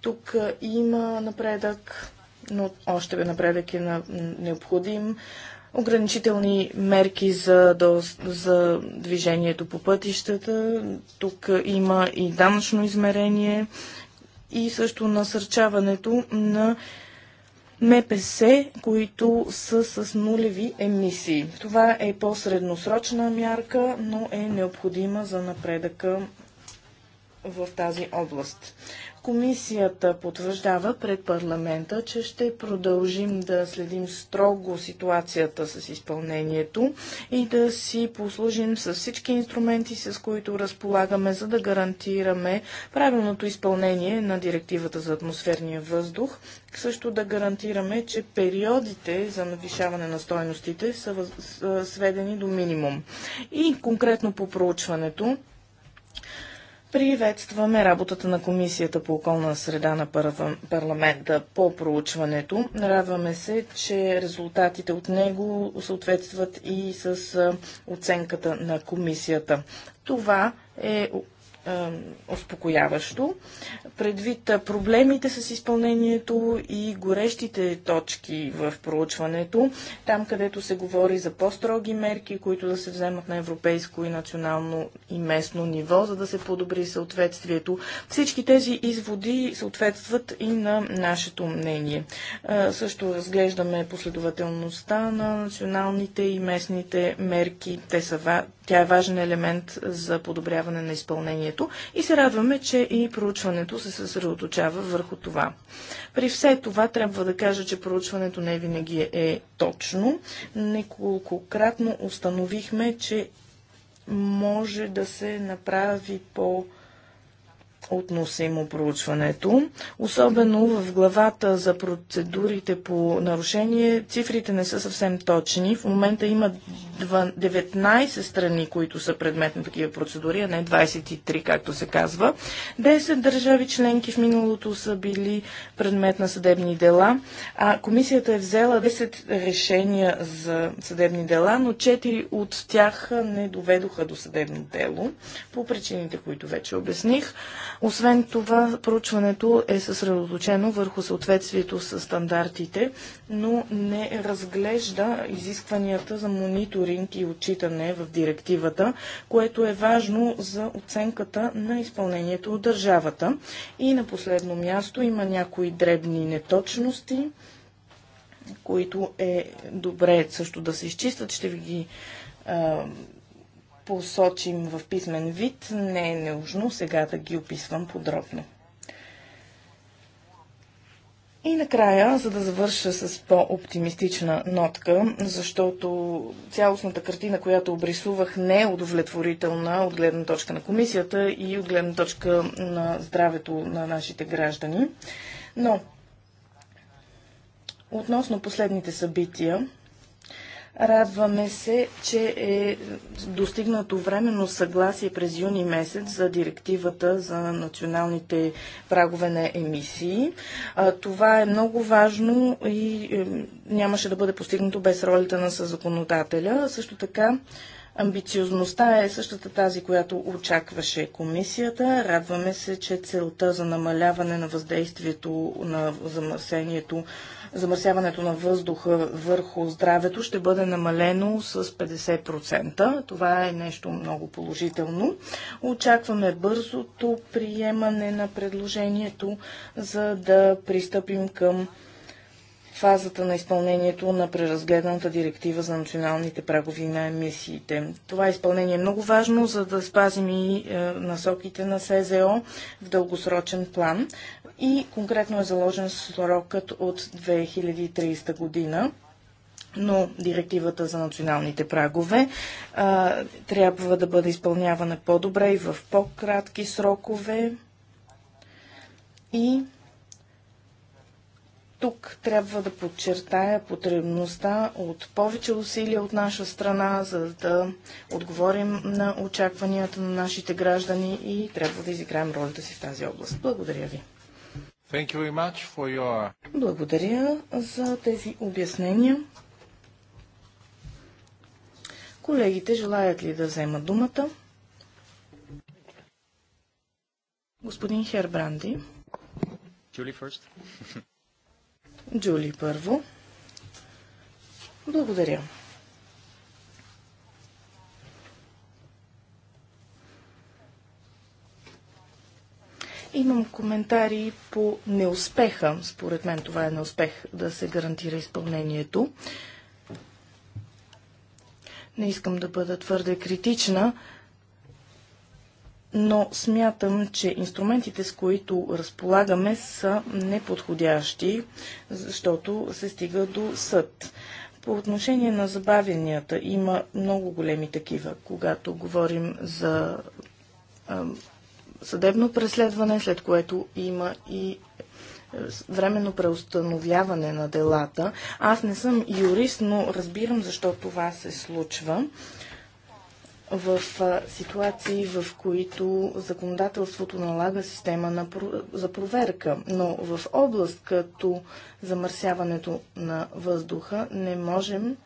тук има напредък, но още бе напредък е на, необходим. Ограничителни мерки за, до, за движението по пътищата. Тук има и данъчно измерение и също насърчаването на МПС, които са с нулеви емисии. Това е по-средносрочна мярка, но е необходима за напредъка в тази област. Комисията потвърждава пред парламента, че ще продължим да следим строго ситуацията с изпълнението и да си послужим с всички инструменти, с които разполагаме, за да гарантираме правилното изпълнение на директивата за атмосферния въздух, също да гарантираме, че периодите за навишаване на стойностите са сведени до минимум. И конкретно по проучването, Приветстваме работата на Комисията по околна среда на парламента по проучването. Радваме се, че резултатите от него съответстват и с оценката на Комисията. Това е успокояващо. Предвид проблемите с изпълнението и горещите точки в проучването, там където се говори за по-строги мерки, които да се вземат на европейско и национално и местно ниво, за да се подобри съответствието. Всички тези изводи съответстват и на нашето мнение. Също разглеждаме последователността на националните и местните мерки. Те са тя е важен елемент за подобряване на изпълнението и се радваме, че и проучването се съсредоточава върху това. При все това трябва да кажа, че проучването не винаги е точно. Неколкократно установихме, че може да се направи по- относимо проучването. Особено в главата за процедурите по нарушение цифрите не са съвсем точни. В момента има 19 страни, които са предмет на такива процедури, а не 23, както се казва. 10 държави членки в миналото са били предмет на съдебни дела. А комисията е взела 10 решения за съдебни дела, но 4 от тях не доведоха до съдебно дело по причините, които вече обясних. Освен това, проучването е съсредоточено върху съответствието с стандартите, но не разглежда изискванията за мониторинг мониторинг и отчитане в директивата, което е важно за оценката на изпълнението от държавата. И на последно място има някои дребни неточности, които е добре също да се изчистват. Ще ви ги а, посочим в писмен вид. Не е нужно сега да ги описвам подробно. И накрая, за да завърша с по-оптимистична нотка, защото цялостната картина, която обрисувах, не е удовлетворителна от гледна точка на комисията и от гледна точка на здравето на нашите граждани. Но, относно последните събития, Радваме се, че е достигнато временно съгласие през юни месец за директивата за националните прагове на емисии. Това е много важно и е, нямаше да бъде постигнато без ролята на съзаконодателя. Също така, Амбициозността е същата тази, която очакваше комисията. Радваме се, че целта за намаляване на въздействието на замърсението замърсяването на въздуха върху здравето ще бъде намалено с 50%. Това е нещо много положително. Очакваме бързото приемане на предложението, за да пристъпим към фазата на изпълнението на преразгледаната директива за националните прагови на емисиите. Това изпълнение е много важно, за да спазим и е, насоките на СЗО в дългосрочен план и конкретно е заложен срокът от 2030 година но директивата за националните прагове а, е, трябва да бъде изпълнявана по-добре и в по-кратки срокове. И тук трябва да подчертая потребността от повече усилия от наша страна, за да отговорим на очакванията на нашите граждани и трябва да изиграем ролята си в тази област. Благодаря ви. Thank you very much for your... Благодаря за тези обяснения. Колегите желаят ли да вземат думата? Господин Хербранди. Julie first. [LAUGHS] Джули първо. Благодаря. Имам коментари по неуспеха. Според мен това е неуспех да се гарантира изпълнението. Не искам да бъда твърде критична, но смятам, че инструментите, с които разполагаме, са неподходящи, защото се стига до съд. По отношение на забавенията, има много големи такива, когато говорим за а, съдебно преследване, след което има и е, временно преустановяване на делата. Аз не съм юрист, но разбирам защо това се случва в ситуации, в които законодателството налага система на, за проверка. Но в област като замърсяването на въздуха не можем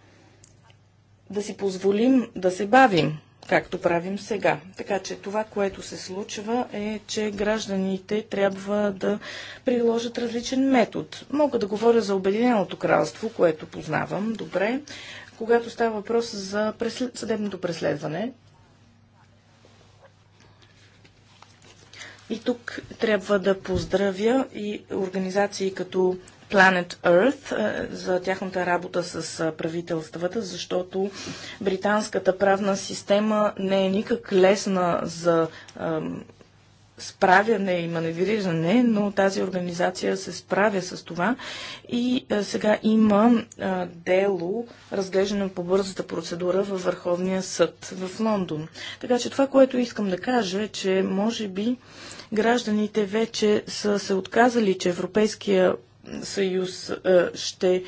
да си позволим да се бавим, както правим сега. Така че това, което се случва е, че гражданите трябва да приложат различен метод. Мога да говоря за Обединеното кралство, което познавам добре когато става въпрос за съдебното преследване. И тук трябва да поздравя и организации като Planet Earth е, за тяхната работа с е, правителствата, защото британската правна система не е никак лесна за справяне и маневриране, но тази организация се справя с това и сега има дело, разглеждане по бързата процедура във Върховния съд в Лондон. Така че това, което искам да кажа е, че може би гражданите вече са се отказали, че Европейския съюз ще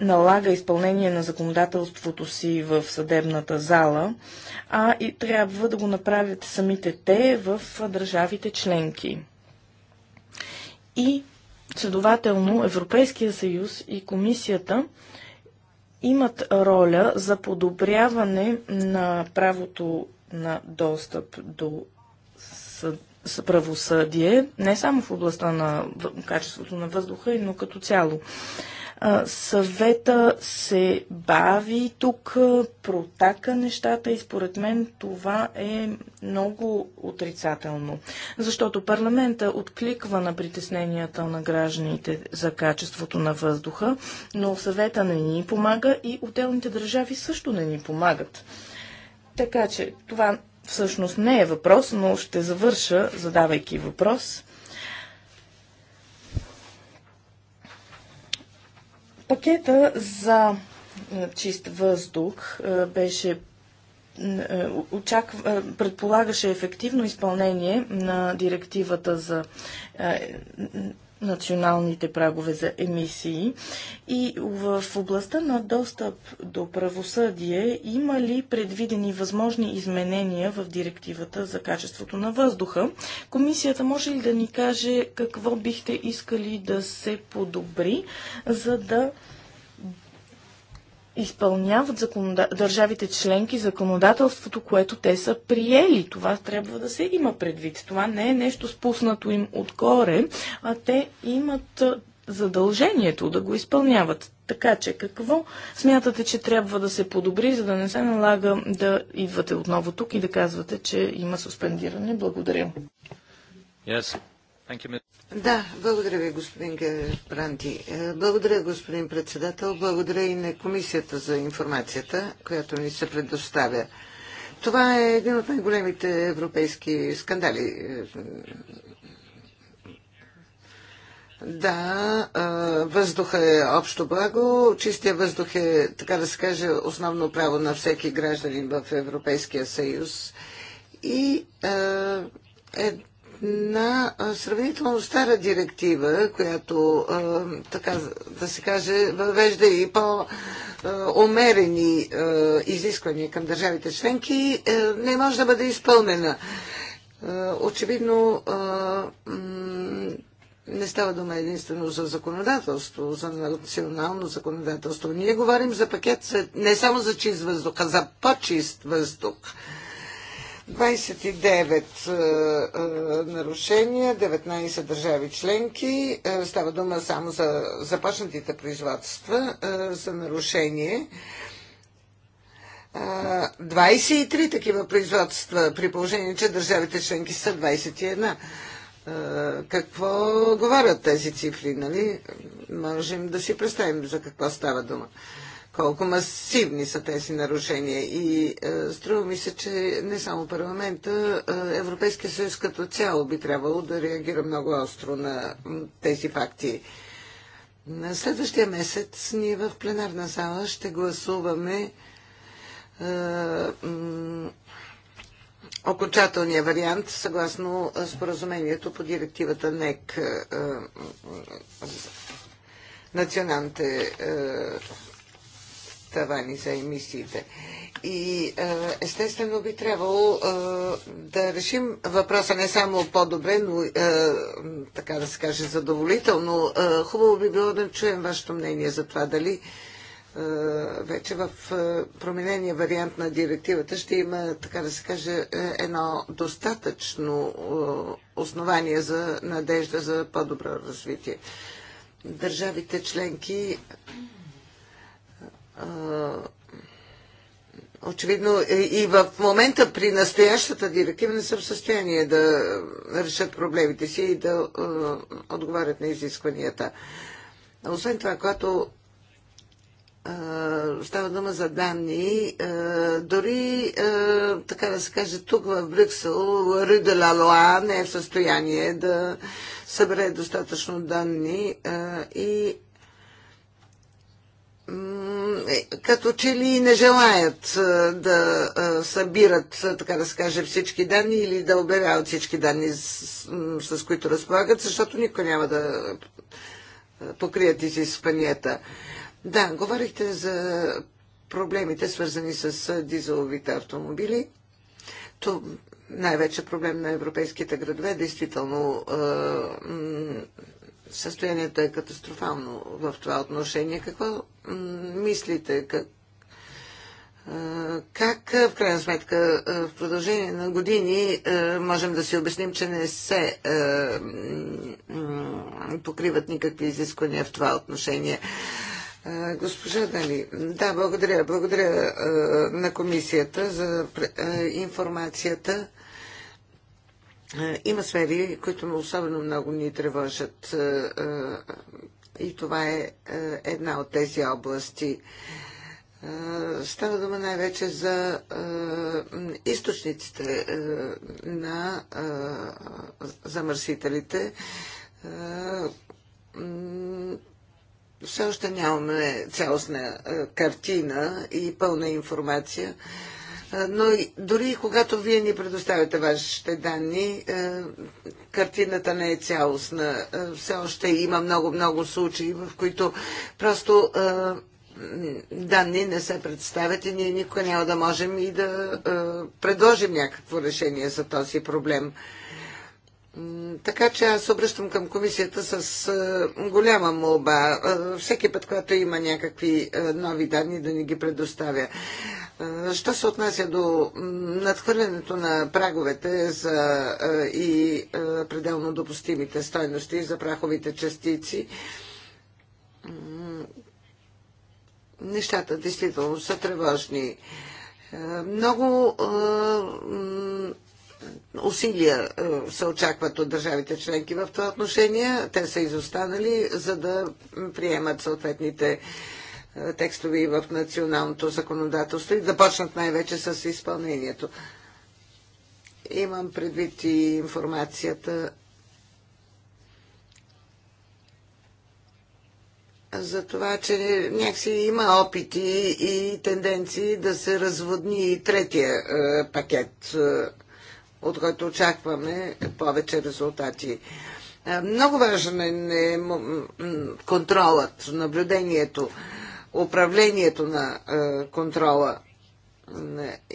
налага изпълнение на законодателството си в съдебната зала, а и трябва да го направят самите те в държавите членки. И следователно Европейския съюз и комисията имат роля за подобряване на правото на достъп до съд правосъдие, не само в областта на качеството на въздуха, но като цяло. Съвета се бави тук, протака нещата и според мен това е много отрицателно. Защото парламента откликва на притесненията на гражданите за качеството на въздуха, но съвета не ни помага и отделните държави също не ни помагат. Така че това всъщност не е въпрос, но ще завърша задавайки въпрос. Пакета за е, чист въздух е, беше е, очаква, предполагаше ефективно изпълнение на директивата за националните прагове за емисии? И в областта на достъп до правосъдие има ли предвидени възможни изменения в директивата за качеството на въздуха? Комисията може ли да ни каже какво бихте искали да се подобри, за да изпълняват законода... държавите членки законодателството, което те са приели. Това трябва да се има предвид. Това не е нещо спуснато им отгоре, а те имат задължението да го изпълняват. Така че какво смятате, че трябва да се подобри, за да не се налага да идвате отново тук и да казвате, че има суспендиране? Благодаря. Yes. Да, благодаря ви, господин Гебранти. Е, благодаря, господин председател. Благодаря и на комисията за информацията, която ни се предоставя. Това е един от най-големите европейски скандали. Да, е, въздуха е общо благо. Чистия въздух е, така да се каже, основно право на всеки гражданин в Европейския съюз. И е, е на сравнително стара директива, която, така да се каже, въвежда и по-умерени изисквания към държавите членки, е, не може да бъде изпълнена. Очевидно не става дума единствено за законодателство, за национално законодателство. Ние говорим за пакет не само за чист въздух, а за по-чист въздух. 29 е, е, нарушения, 19 държави членки. Е, става дума само за започнатите производства за нарушение. 23 такива производства, при положение, че държавите членки са 21. Какво говорят тези цифри, нали? Можем да си представим за какво става дума колко масивни са тези нарушения. И е, струва ми се, че не само парламента, е, Европейския съюз като цяло би трябвало да реагира много остро на тези факти. На следващия месец ние в пленарна зала ще гласуваме е, окончателния вариант съгласно е, споразумението по директивата НЕК. Е, националните е, тавани за емисиите. И е, естествено би трябвало е, да решим въпроса не само по-добре, но е, така да се каже задоволително. Хубаво би било да чуем вашето мнение за това дали вече в променения вариант на директивата ще има, така да се каже, едно достатъчно основание за надежда за по-добро развитие. Държавите членки очевидно е, и в момента при настоящата директива не са в състояние да решат проблемите си и да отговарят на изискванията. Освен това, когато става дума за данни, дори, така да се каже, тук в Брюксел, Рю де ла не е в състояние да събере достатъчно данни и е, като че ли не желаят е, да е, събират, така да се каже, всички данни или да обявяват всички данни, с, с които разполагат, защото никой няма да покрият изискванията. Да, говорихте за проблемите, свързани с дизеловите автомобили. То най-вече проблем на европейските градове. Действително, Състоянието е катастрофално в това отношение. Какво мислите? Как, как в крайна сметка в продължение на години можем да си обясним, че не се покриват никакви изисквания в това отношение? Госпожа Дали, да, благодаря. Благодаря на комисията за информацията. Е, има сфери, които особено много ни тревожат. Е, е, и това е една от тези области. Става дума най-вече за източниците на замърсителите. Все още нямаме цялостна картина и пълна информация но дори и когато вие ни предоставяте вашите данни, е, картината не е цялостна. Е, все още има много-много случаи, в които просто е, данни не се представят и ние никога няма да можем и да предложим някакво решение за този проблем. Така че аз обръщам към комисията с голяма молба. Всеки път, когато има някакви нови данни, да ни ги предоставя. Що се отнася до надхвърлянето на праговете за, е, и е, пределно допустимите стойности за праховите частици, нещата действително са тревожни. Е, много усилия се очакват от държавите членки в това отношение. Те са изостанали, за да приемат съответните е, текстове и в националното законодателство и да почнат най-вече с изпълнението. Имам предвид и информацията за това, че някакси има опити и тенденции да се разводни и третия е, пакет, е, от който очакваме повече резултати. Е, много важен е контролът, наблюдението. Е, управлението на е, контрола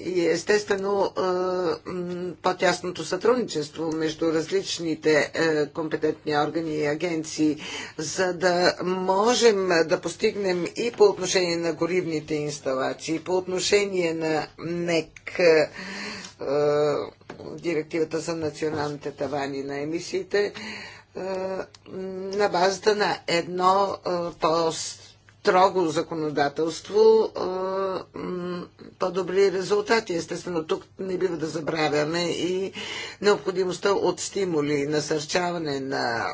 и естествено е, по-тясното сътрудничество между различните е, компетентни органи и агенции, за да можем да постигнем и по отношение на горивните инсталации, по отношение на НЕК, директивата за националните тавани на емисиите, на базата на едно пост строго законодателство по-добри резултати. Естествено, тук не бива да забравяме и необходимостта от стимули, насърчаване на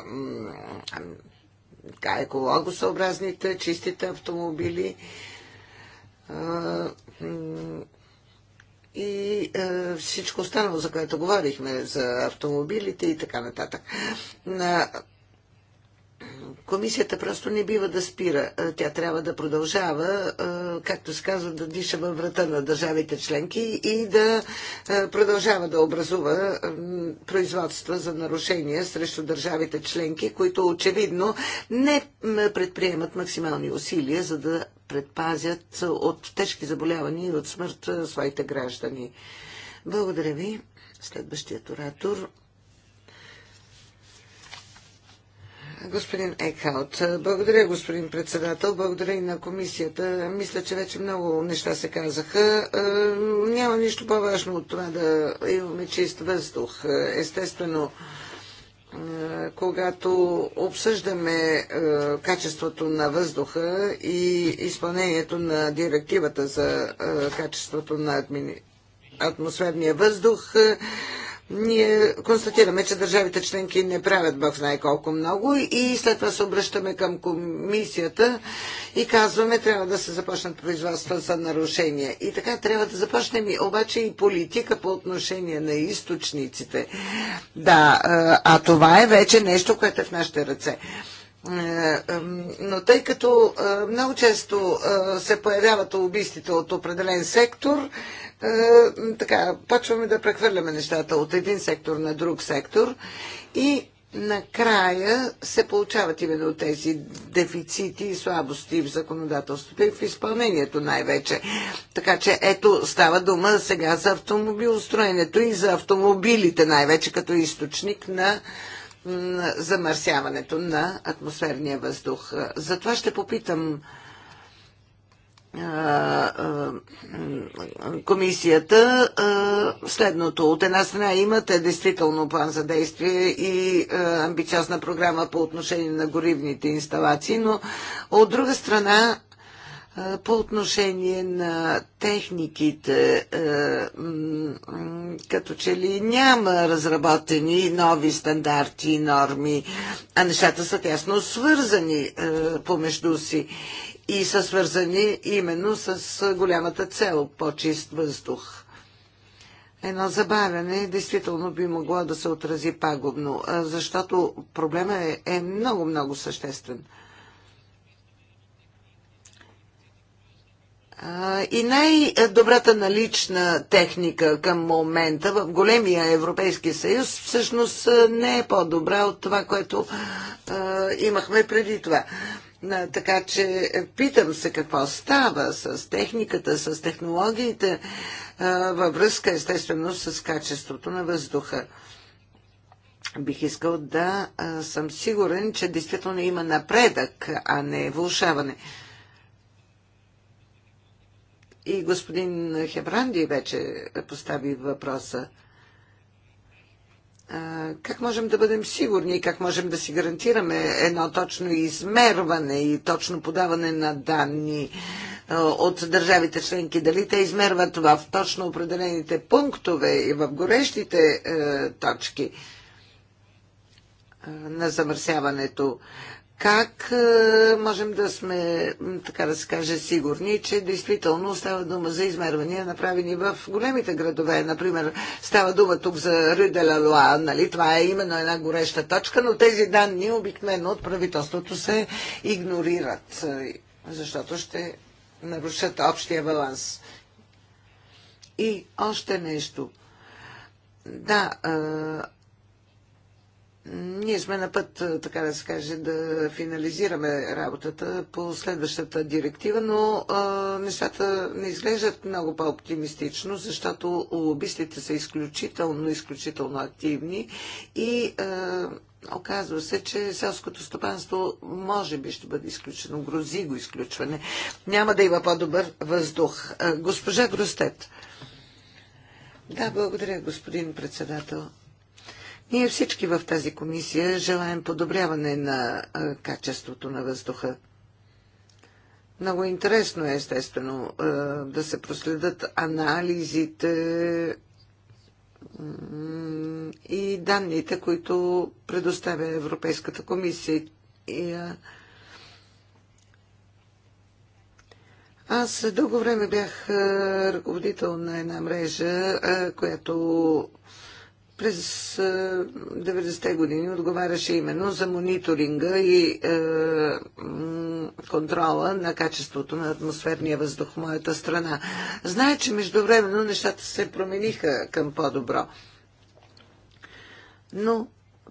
екологосъобразните, чистите автомобили и всичко останало, за което говорихме, за автомобилите и така нататък. На, Комисията просто не бива да спира. Е, тя трябва да продължава, е, както се казва, да диша във врата на държавите членки и да е, продължава да образува производства за нарушения срещу държавите членки, които очевидно не предприемат максимални усилия, за да предпазят от тежки заболявания и от смърт своите граждани. Благодаря ви. Следващият оратор. Господин Екхаут, благодаря господин председател, благодаря и на комисията. Мисля, че вече много неща се казаха. Е, няма нищо по-важно от това да имаме чист въздух. Естествено, е, когато обсъждаме е, качеството на въздуха и изпълнението на директивата за качеството на атмосферния въздух, ние констатираме, че държавите членки не правят бъв най-колко много и след това се обръщаме към комисията и казваме, трябва да се започнат производства за нарушения. И така трябва да започнем и, обаче и политика по отношение на източниците. Да, а това е вече нещо, което е в нашите ръце. Е, но тъй като е, много често е, се появяват убийствите от определен сектор, така, почваме да прехвърляме нещата от един сектор на друг сектор и накрая се получават именно тези дефицити и слабости в законодателството и в изпълнението най-вече. Така че ето става дума сега за автомобилостроенето и за автомобилите най-вече като източник на замърсяването на атмосферния въздух. Затова ще попитам комисията следното. От една страна имате действително план за действие и амбициозна програма по отношение на горивните инсталации, но от друга страна по отношение на техниките, като че ли няма разработени нови стандарти и норми, а нещата са тясно свързани помежду си и са свързани именно с голямата цел по-чист въздух. Едно забавяне действително би могло да се отрази пагубно, защото проблема е, е много-много съществен. И най-добрата налична техника към момента в големия Европейски съюз всъщност не е по-добра от това, което имахме преди това. Така че е, питам се какво става с техниката, с технологиите във връзка естествено с качеството на въздуха. Бих искал да съм сигурен, че действително има напредък, а не влушаване. И господин Хебранди вече постави въпроса. Как можем да бъдем сигурни, как можем да си гарантираме едно точно измерване и точно подаване на данни от държавите членки? Дали те измерват в точно определените пунктове и в горещите точки на замърсяването? как е, можем да сме, така да се каже, сигурни, че действително става дума за измервания, направени в големите градове. Например, става дума тук за Рюделя Луа, нали? Това е именно една гореща точка, но тези данни обикновено от правителството се игнорират, е, защото ще нарушат общия баланс. И още нещо. Да, е, ние сме на път, така да се каже, да финализираме работата по следващата директива, но а, нещата не изглеждат много по-оптимистично, защото лобистите са изключително, изключително активни и а, оказва се, че селското стопанство може би ще бъде изключено. Грози го изключване. Няма да има по-добър въздух. А, госпожа Гростет. Да, благодаря, господин председател. Ние всички в тази комисия желаем подобряване на качеството на въздуха. Много интересно е, естествено, да се проследят анализите и данните, които предоставя Европейската комисия. Аз дълго време бях ръководител на една мрежа, която през 90-те е, години отговаряше именно за мониторинга и е, контрола на качеството на атмосферния въздух в моята страна. Знае, че междувременно нещата се промениха към по-добро. Но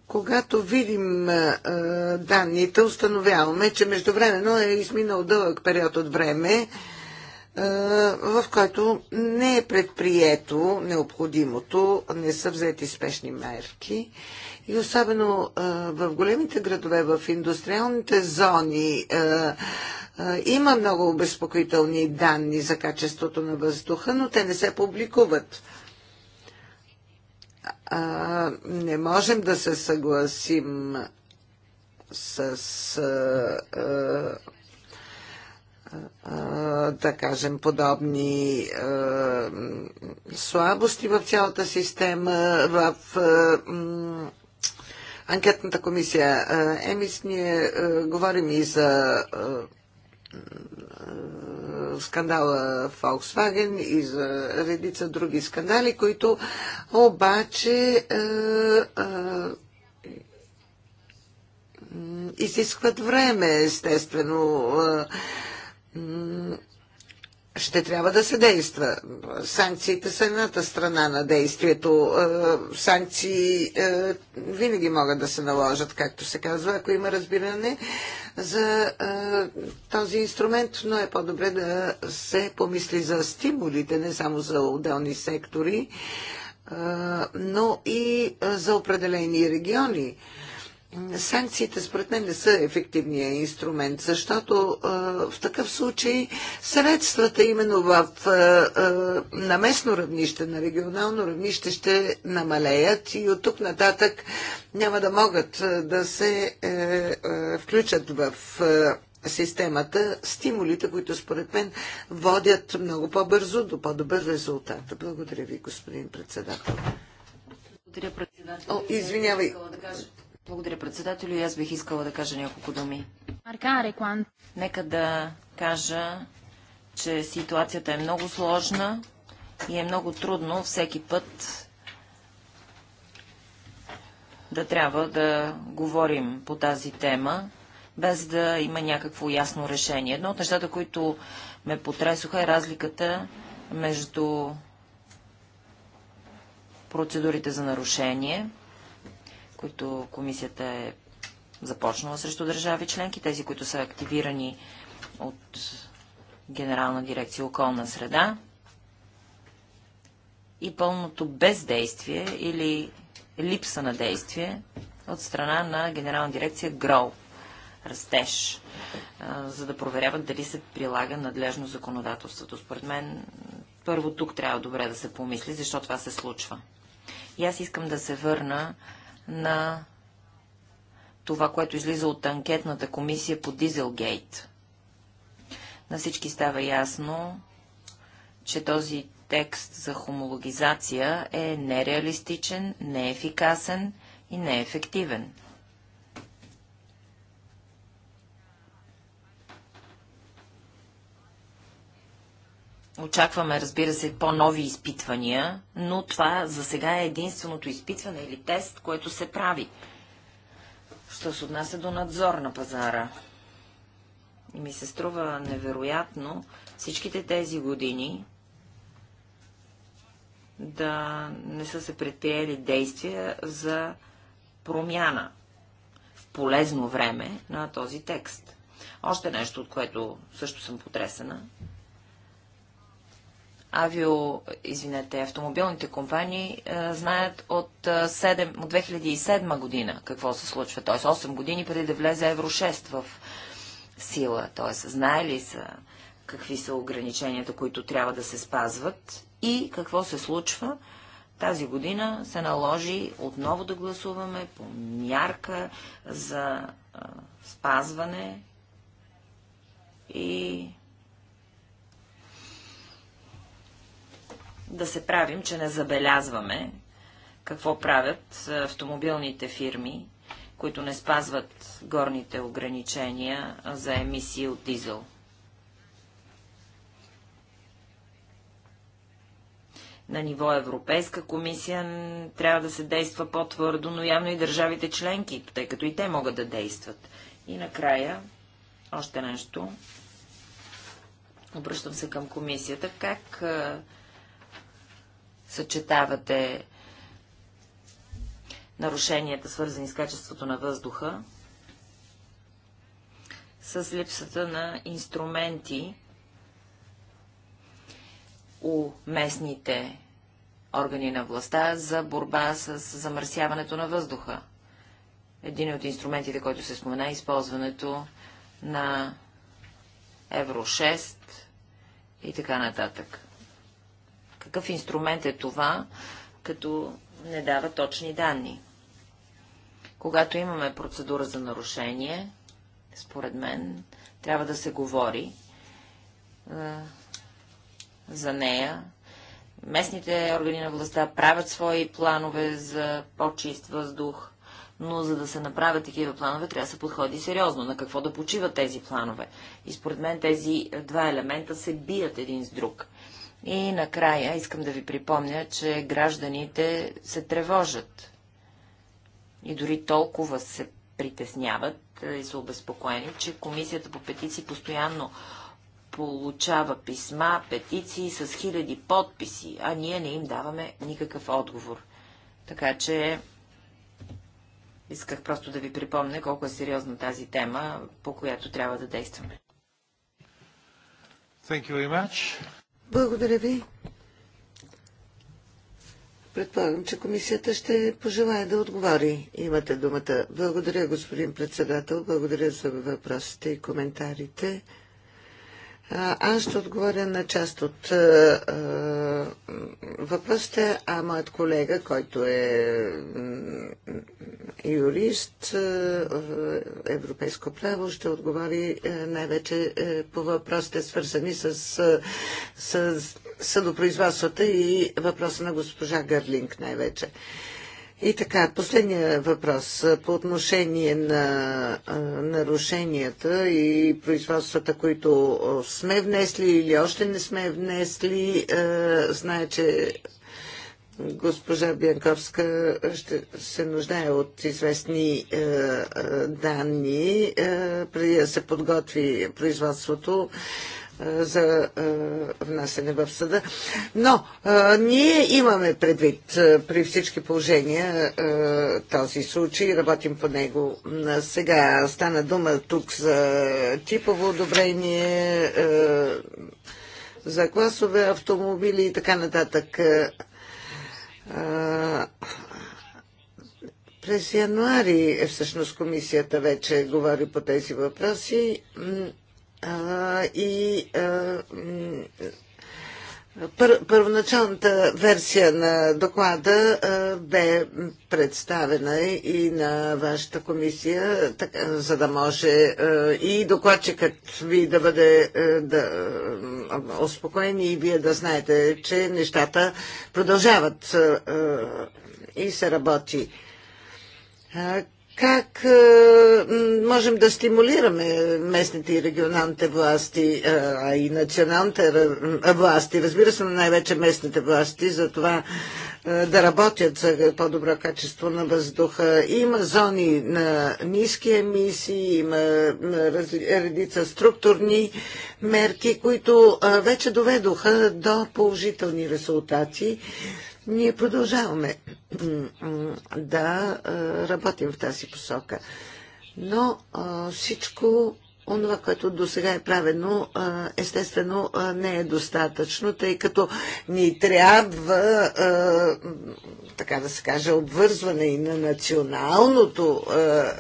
когато видим е, е данните, установяваме, че междувременно е изминал дълъг период от време, е, е, в който не е предприето необходимото, не са взети спешни мерки. И особено е, в големите градове, в индустриалните зони, е, има много обезпокоителни данни за качеството на въздуха, но те не се публикуват. Не можем да се съгласим с да кажем, подобни е, слабости в цялата система, в е, анкетната комисия. Е, Емис, ние говорим и за скандала Volkswagen и за редица други скандали, които обаче изискват време, естествено ще трябва да се действа. Санкциите са едната страна на действието. Е, санкции е, винаги могат да се наложат, както се казва, ако има разбиране за е, този инструмент, но е по-добре да се помисли за стимулите, не само за отделни сектори, но и за определени региони санкциите според мен не са ефективният инструмент, защото а, в такъв случай средствата именно в, а, а, на местно равнище, на регионално равнище ще намалеят и от тук нататък няма да могат да се а, е, а, е, включат в а, системата стимулите, които според мен водят много по-бързо до по-добър резултат. Благодаря ви, господин председател. Благодаря, председател. О, извинявай. Да кажа. Благодаря, председателю. И аз бих искала да кажа няколко думи. Нека да кажа, че ситуацията е много сложна и е много трудно всеки път да трябва да говорим по тази тема, без да има някакво ясно решение. Едно от нещата, които ме потресоха е разликата между процедурите за нарушение – които комисията е започнала срещу държави членки, тези, които са активирани от Генерална дирекция околна среда и пълното бездействие или липса на действие от страна на Генерална дирекция ГРОУ растеж, за да проверяват дали се прилага надлежно законодателството. Според мен, първо тук трябва добре да се помисли, защо това се случва. И аз искам да се върна на това, което излиза от анкетната комисия по Дизелгейт. На всички става ясно, че този текст за хомологизация е нереалистичен, неефикасен и неефективен. Очакваме, разбира се, по-нови изпитвания, но това за сега е единственото изпитване или тест, което се прави. Що се отнася до надзор на пазара? И Ми се струва невероятно всичките тези години да не са се предприели действия за промяна в полезно време на този текст. Още нещо, от което също съм потресена – авио, извинете, автомобилните компании а, е, знаят от, 7, е, от 2007 година какво се случва, т.е. 8 години преди да влезе Евро 6 в сила, т.е. знае ли са какви са ограниченията, които трябва да се спазват и какво се случва. Тази година се наложи отново да гласуваме по мярка за а, е, спазване и да се правим, че не забелязваме какво правят автомобилните фирми, които не спазват горните ограничения за емисии от дизел. на ниво Европейска комисия трябва да се действа по-твърдо, но явно и държавите членки, тъй като и те могат да действат. И накрая, още нещо. Обръщам се към комисията. Как съчетавате нарушенията, свързани с качеството на въздуха, с липсата на инструменти у местните органи на властта за борба с замърсяването на въздуха. Един от инструментите, който се спомена, е използването на Евро 6 и така нататък. Какъв инструмент е това, като не дава точни данни? Когато имаме процедура за нарушение, според мен, трябва да се говори е, за нея. Местните органи на властта правят свои планове за по-чист въздух, но за да се направят такива планове, трябва да се подходи сериозно. На какво да почиват тези планове? И според мен тези два елемента се бият един с друг. И накрая искам да ви припомня, че гражданите се тревожат и дори толкова се притесняват е, и са обезпокоени, че Комисията по петиции постоянно получава писма, петиции с хиляди подписи, а ние не им даваме никакъв отговор. Така че исках просто да ви припомня колко е сериозна тази тема, по която трябва да действаме. Thank you very much. Благодаря ви. Предполагам, че комисията ще пожелая да отговори. Имате думата. Благодаря, господин председател. Благодаря за въпросите и коментарите. Аз ще отговоря на част от въпросите, а моят колега, който е юрист, европейско право, ще отговори най-вече по въпросите, свързани с, с съдопроизводствата и въпроса на госпожа Гърлинг най-вече. И така, последния въпрос по отношение на а, нарушенията и производствата, които сме внесли или още не сме внесли. А, знае, че госпожа Бянковска ще се нуждае от известни данни преди да се подготви производството. Е, за е, внасене в съда. Но е, ние имаме предвид при всички положения този случай, работим по него. Сега стана дума тук за типово одобрение, за класове автомобили и така нататък. През януари всъщност комисията вече говори по тези въпроси и пър, първоначалната версия на доклада бе представена и на вашата комисия, така, за да може и докладчикът ви да бъде да, успокоен и вие да знаете, че нещата продължават и се работи как е, можем да стимулираме местните и регионалните власти, е, а и националните е, власти, разбира се, най-вече местните власти, за това да работят за по-добро качество на въздуха. Има зони на ниски емисии, има редица структурни мерки, които вече доведоха до положителни резултати ние продължаваме да работим в тази посока. Но всичко онова, което до сега е правено, естествено не е достатъчно, тъй като ни трябва, така да се каже, обвързване и на националното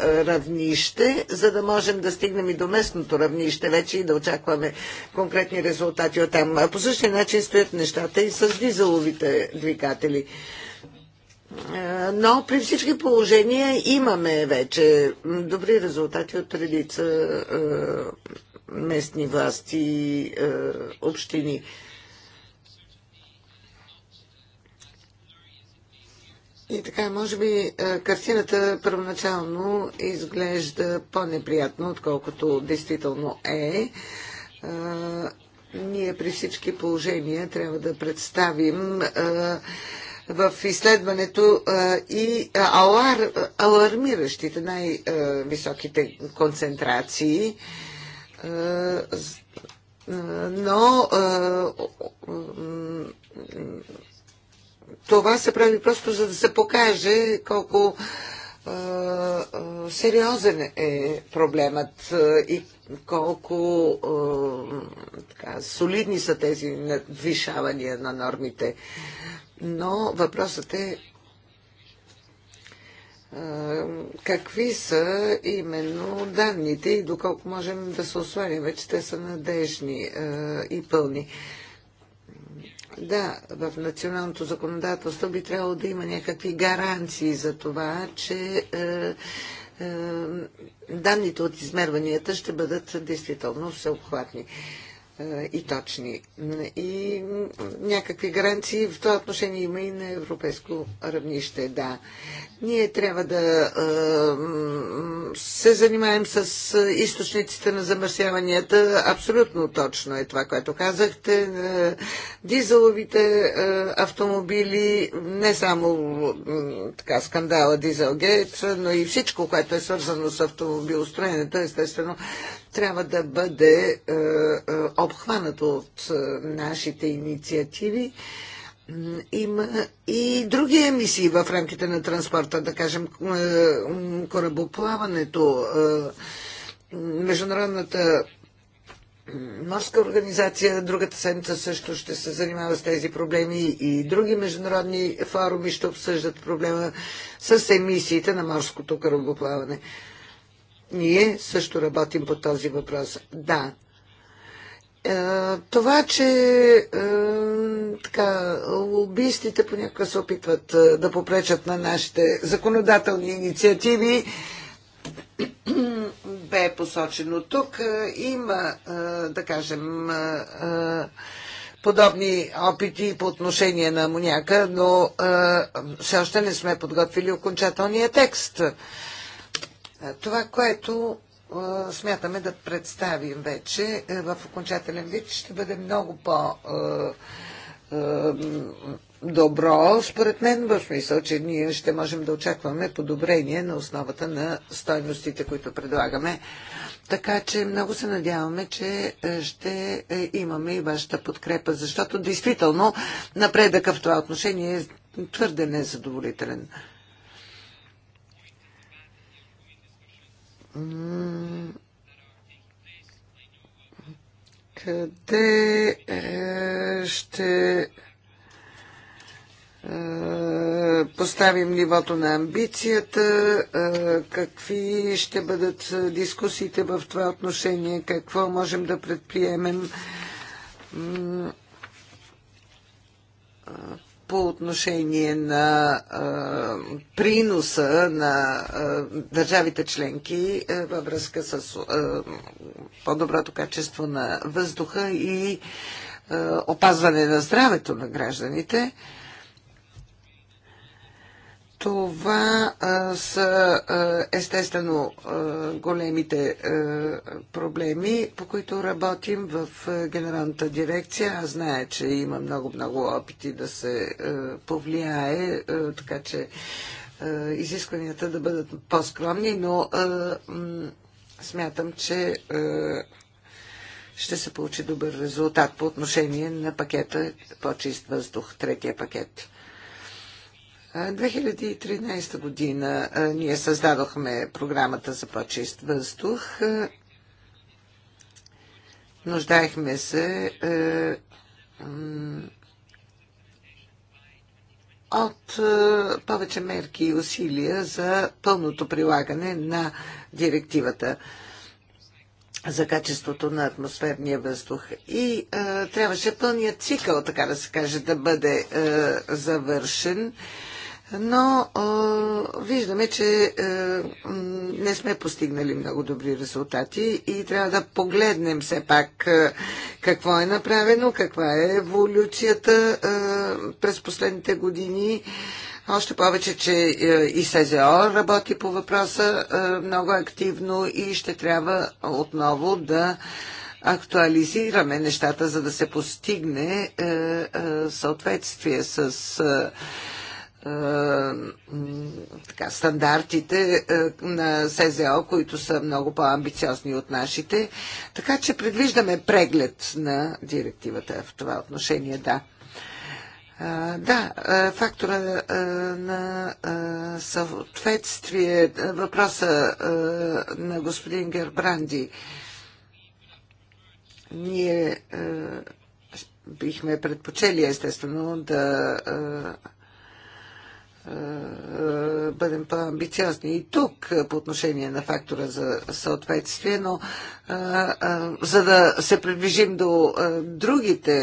равнище, за да можем да стигнем и до местното равнище вече и да очакваме конкретни резултати от там. По същия начин стоят нещата и с дизеловите двигатели. Но при всички положения имаме вече добри резултати от редица е, местни власти и е, общини. И така, може би е, картината първоначално изглежда по-неприятно, отколкото действително е. Ние при всички положения трябва да представим в изследването и алар, алармиращите най-високите концентрации но а, това се прави просто за да се покаже колко а, сериозен е проблемът и колко а, така, солидни са тези надвишавания на нормите но въпросът е какви са именно данните и доколко можем да се осланяме, че те са надежни и пълни. Да, в националното законодателство би трябвало да има някакви гаранции за това, че данните от измерванията ще бъдат действително всеобхватни и точни. И някакви гаранции в това отношение има и на европейско равнище, да. Ние трябва да се занимаем с източниците на замърсяванията. Абсолютно точно е това, което казахте. Дизеловите автомобили, не само така скандала Дизелгейт, но и всичко, което е свързано с автомобилостроенето, естествено, трябва да бъде е, е, обхванато от е, нашите инициативи. Има и други емисии в рамките на транспорта, да кажем корабоплаването, Международната морска организация другата седмица също ще се занимава с тези проблеми и други международни форуми ще обсъждат проблема с емисиите на морското корабоплаване. Ние също работим по този въпрос. Да. Е, това, че е, така, лобистите понякога се опитват е, да попречат на нашите законодателни инициативи, [CLEARS THROAT] бе посочено тук. Има, да кажем, подобни опити по отношение на моняка, но все още не сме подготвили окончателния текст. Това, което смятаме да представим вече е, в окончателен вид, ще бъде много по- добро, според мен, в смисъл, че ние ще можем да очакваме подобрение на основата на стойностите, които предлагаме. Така че много се надяваме, че е, ще е, имаме и вашата подкрепа, защото действително напредъка в това отношение е твърде незадоволителен. къде е, ще е, поставим нивото на амбицията, е, какви ще бъдат дискусиите в това отношение, какво можем да предприемем по отношение на а, приноса на а, държавите членки а, във връзка с по-доброто качество на въздуха и а, опазване на здравето на гражданите. А, това а, са а, естествено а, големите а, проблеми, по които работим в а, Генералната дирекция. Аз знае, че има много-много опити да се а, повлияе, а, така че а, изискванията да бъдат по-скромни, но а, м- смятам, че а, ще се получи добър резултат по отношение на пакета по-чист въздух, третия пакет. 2013 година ние създадохме програмата за по-чист въздух. Нуждаехме се от повече мерки и усилия за пълното прилагане на директивата за качеството на атмосферния въздух. И а, трябваше пълният цикъл, така да се каже, да бъде а, завършен. А, но а, виждаме, че а, не сме постигнали много добри резултати и трябва да погледнем все пак а, какво е направено, каква е еволюцията а, през последните години. Още повече, че и СЗО работи по въпроса много активно и ще трябва отново да актуализираме нещата, за да се постигне съответствие с е, така, стандартите е, на СЗО, които са много по-амбициозни от нашите. Така че предвиждаме преглед на директивата в това отношение, да. Да, е, фактора на съответствие, въпроса на господин Гербранди. Ние бихме предпочели, естествено, да е, бъдем по-амбициозни и тук е, по отношение на фактора за съответствие, но е, за да се приближим до другите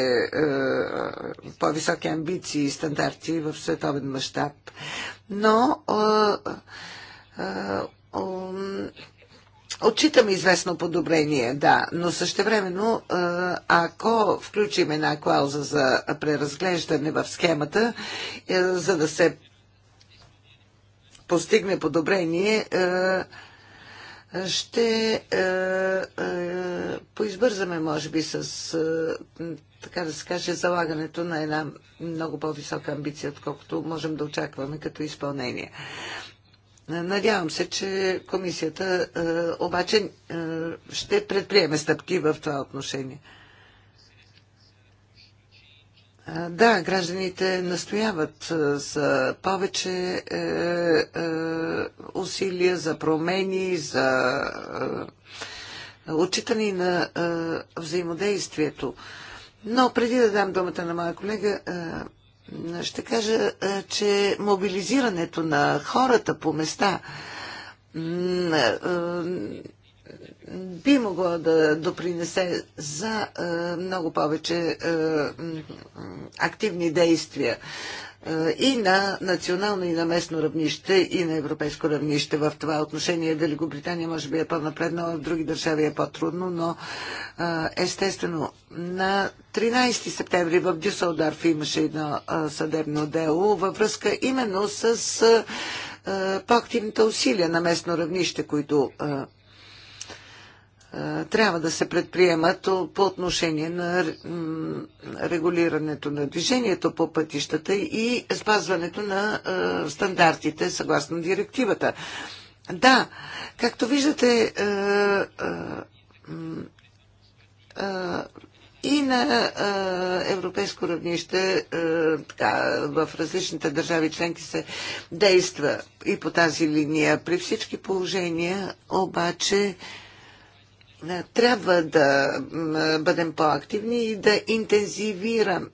по-високи амбиции и стандарти в световен мащаб. Но Отчитаме известно подобрение, да, но същевременно, ако включим една клауза за преразглеждане в схемата, за да се постигне подобрение, е, ще е, е, поизбързаме, може би, с, така да се каже, залагането на една много по-висока амбиция, отколкото можем да очакваме като изпълнение. Надявам се, че комисията обаче ще предприеме стъпки в това отношение. Да, гражданите настояват за повече е, е, усилия, за промени, за е, отчитане на е, взаимодействието. Но преди да дам думата на моя колега, е, ще кажа, е, че мобилизирането на хората по места е, е, би могло да допринесе за е, много повече е, активни действия е, и на национално, и на местно равнище, и на европейско равнище в това отношение. Великобритания може би е по-напреднала, в други държави е по-трудно, но естествено на 13 септември в Дюсселдорф имаше едно съдебно дело във връзка именно с по-активните усилия на местно равнище, които е, трябва да се предприемат по отношение на регулирането на движението по пътищата и спазването на е, стандартите съгласно директивата. Да, както виждате, е, и на европейско равнище, така, в различните държави членки се действа и по тази линия. При всички положения, обаче, е, трябва да е, бъдем по-активни и да интензивираме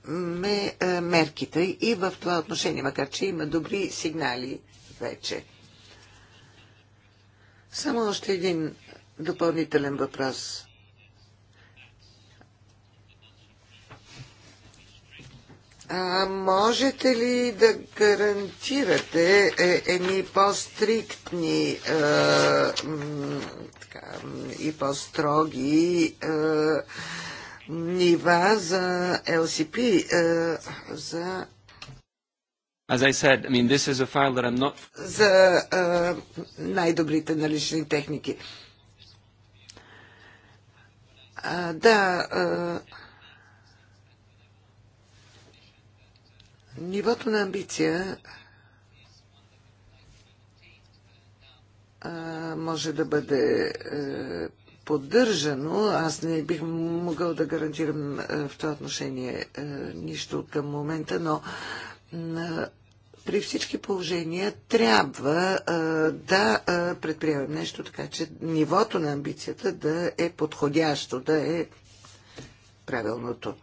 е, мерките и в това отношение, макар че има добри сигнали вече. Само още един допълнителен въпрос. А можете ли да гарантирате едни по-стриктни така и по-строги е, нива за LCP, е, за As I said, I mean, this is a file that I'm not... За uh, най-добрите налични техники. А, да, Uh, нивото на амбиция може да бъде е, поддържано. Аз не бих могъл да гарантирам е, в това отношение е, нищо към момента, но при всички положения трябва да предприемем нещо, така че нивото на амбицията да е подходящо, да е правилното.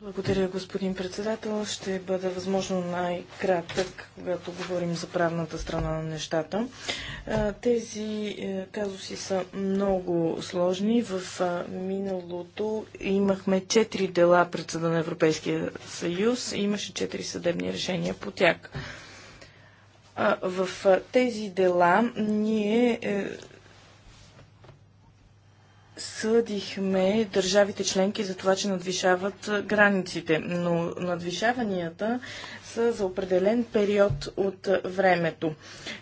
Благодаря, господин председател. Ще бъда възможно най-кратък, когато говорим за правната страна на нещата. Тези е, казуси са много сложни. В миналото имахме 4 дела пред съда на Европейския съюз и имаше 4 съдебни решения по тях. В тези дела ние е, съдихме държавите членки за това, че надвишават границите, но надвишаванията са за определен период от времето.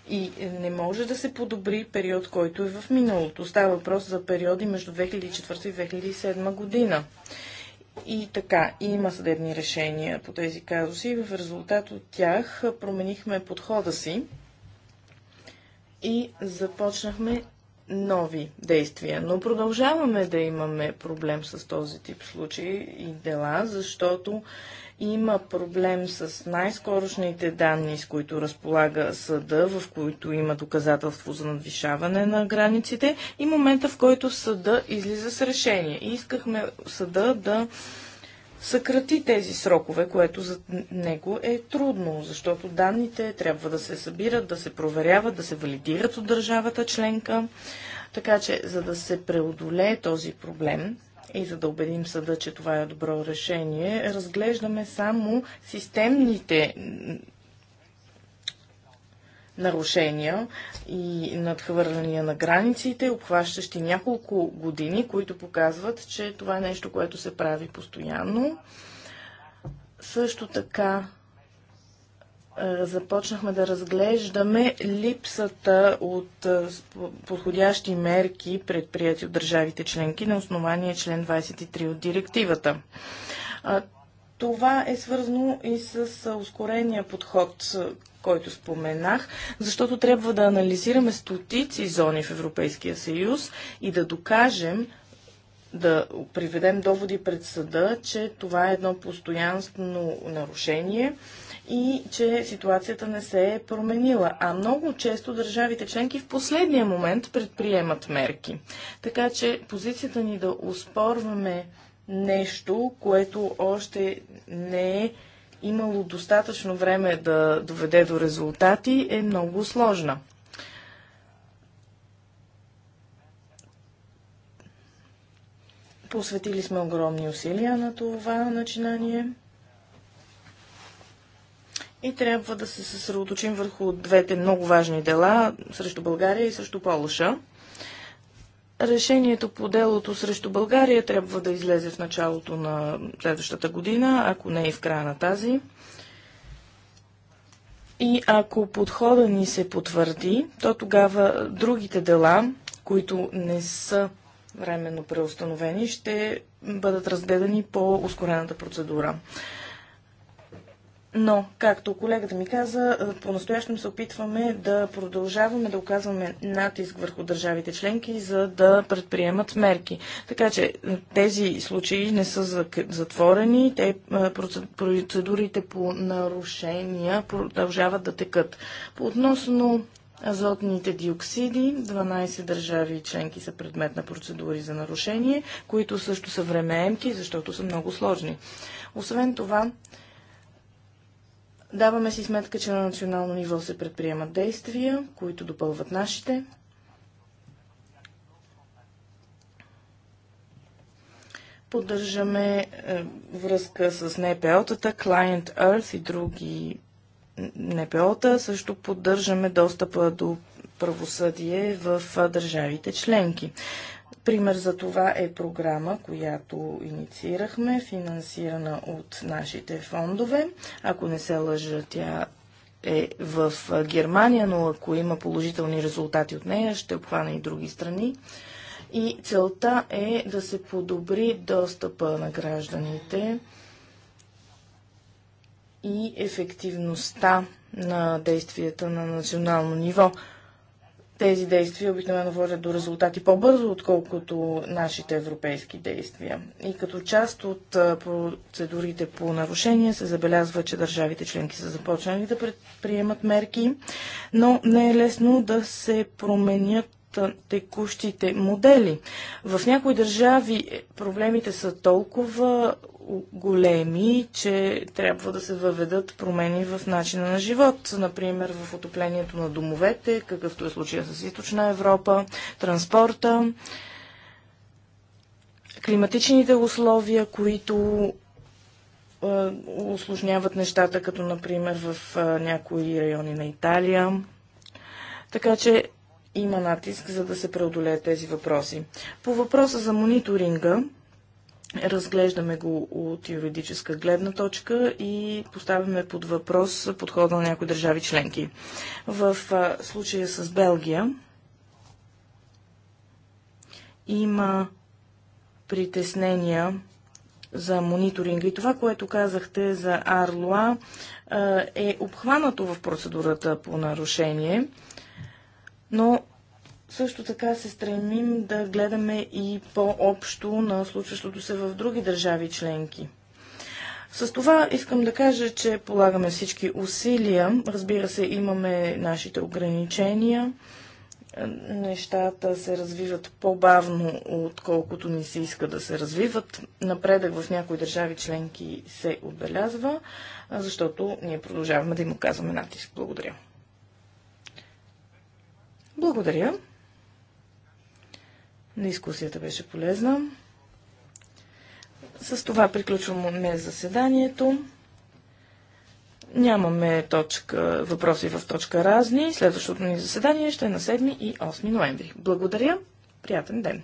И е, не може да се подобри период, който е в миналото. Става въпрос за периоди между 2004 и 2007 година. И така, има съдебни решения по тези казуси. В резултат от тях променихме подхода си и започнахме нови действия. Но продължаваме да имаме проблем с този тип случаи и дела, защото има проблем с най-скорошните данни, с които разполага съда, в които има доказателство за надвишаване на границите и момента, в който съда излиза с решение. И искахме съда да съкрати тези срокове, което за него е трудно, защото данните трябва да се събират, да се проверяват, да се валидират от държавата членка. Така че, за да се преодолее този проблем, и за да убедим съда, че това е добро решение, разглеждаме само системните нарушения и надхвърляния на границите, обхващащи няколко години, които показват, че това е нещо, което се прави постоянно. Също така е, започнахме да разглеждаме липсата от е, подходящи мерки, предприяти от държавите членки на основание член 23 от директивата. Това е свързано и с е, ускорения подход, който споменах, защото трябва да анализираме стотици зони в Европейския съюз и да докажем, да приведем доводи пред съда, че това е едно постоянно нарушение и че ситуацията не се е променила. А много често държавите членки в последния момент предприемат мерки. Така че позицията ни да успорваме нещо, което още не е имало достатъчно време да доведе до резултати, е много сложна. Посветили сме огромни усилия на това начинание. И трябва да се съсредоточим върху двете много важни дела срещу България и срещу Полша. Решението по делото срещу България трябва да излезе в началото на следващата година, ако не и в края на тази. И ако подхода ни се потвърди, то тогава другите дела, които не са временно преустановени, ще бъдат разгледани по ускорената процедура. Но, както колегата ми каза, е, по-настоящем се опитваме да продължаваме да оказваме натиск върху държавите членки, за да предприемат мерки. Така че е, тези случаи не са затворени, те е, процедурите по нарушения продължават да текат. По относно Азотните диоксиди, 12 държави и членки са предмет на процедури за нарушение, които също са времеемки, защото са много сложни. Освен това, Даваме си сметка, че на национално ниво се предприемат действия, които допълват нашите. Поддържаме е, връзка с НПО-тата, Client Earth и други НПО-та. Също поддържаме достъпа до правосъдие в държавите членки. Пример за това е програма, която инициирахме, финансирана от нашите фондове. Ако не се лъжа, тя е в Германия, но ако има положителни резултати от нея, ще обхване и други страни. И целта е да се подобри достъпа на гражданите и ефективността на действията на национално ниво тези действия обикновено водят до резултати по-бързо, отколкото нашите европейски действия. И като част от процедурите по нарушение се забелязва, че държавите членки са започнали да предприемат мерки, но не е лесно да се променят текущите модели. В някои държави е, проблемите са толкова големи, че трябва да се въведат промени в начина на живот. Например, в отоплението на домовете, какъвто е случая с Източна Европа, транспорта, климатичните условия, които осложняват нещата, като например в някои райони на Италия. Така че има натиск, за да се преодолеят тези въпроси. По въпроса за мониторинга, Разглеждаме го от юридическа гледна точка и поставяме под въпрос подхода на някои държави членки. В случая с Белгия има притеснения за мониторинга. И това, което казахте за Арлоа, е обхванато в процедурата по нарушение, но също така се стремим да гледаме и по-общо на случващото се в други държави членки. С това искам да кажа, че полагаме всички усилия. Разбира се, имаме нашите ограничения. Нещата се развиват по-бавно, отколкото ни се иска да се развиват. Напредък в някои държави членки се отбелязва, защото ние продължаваме да им оказваме натиск. Благодаря. Благодаря. Дискусията беше полезна. С това приключваме заседанието. Нямаме точка, въпроси в точка разни. Следващото ни заседание ще е на 7 и 8 ноември. Благодаря. Приятен ден!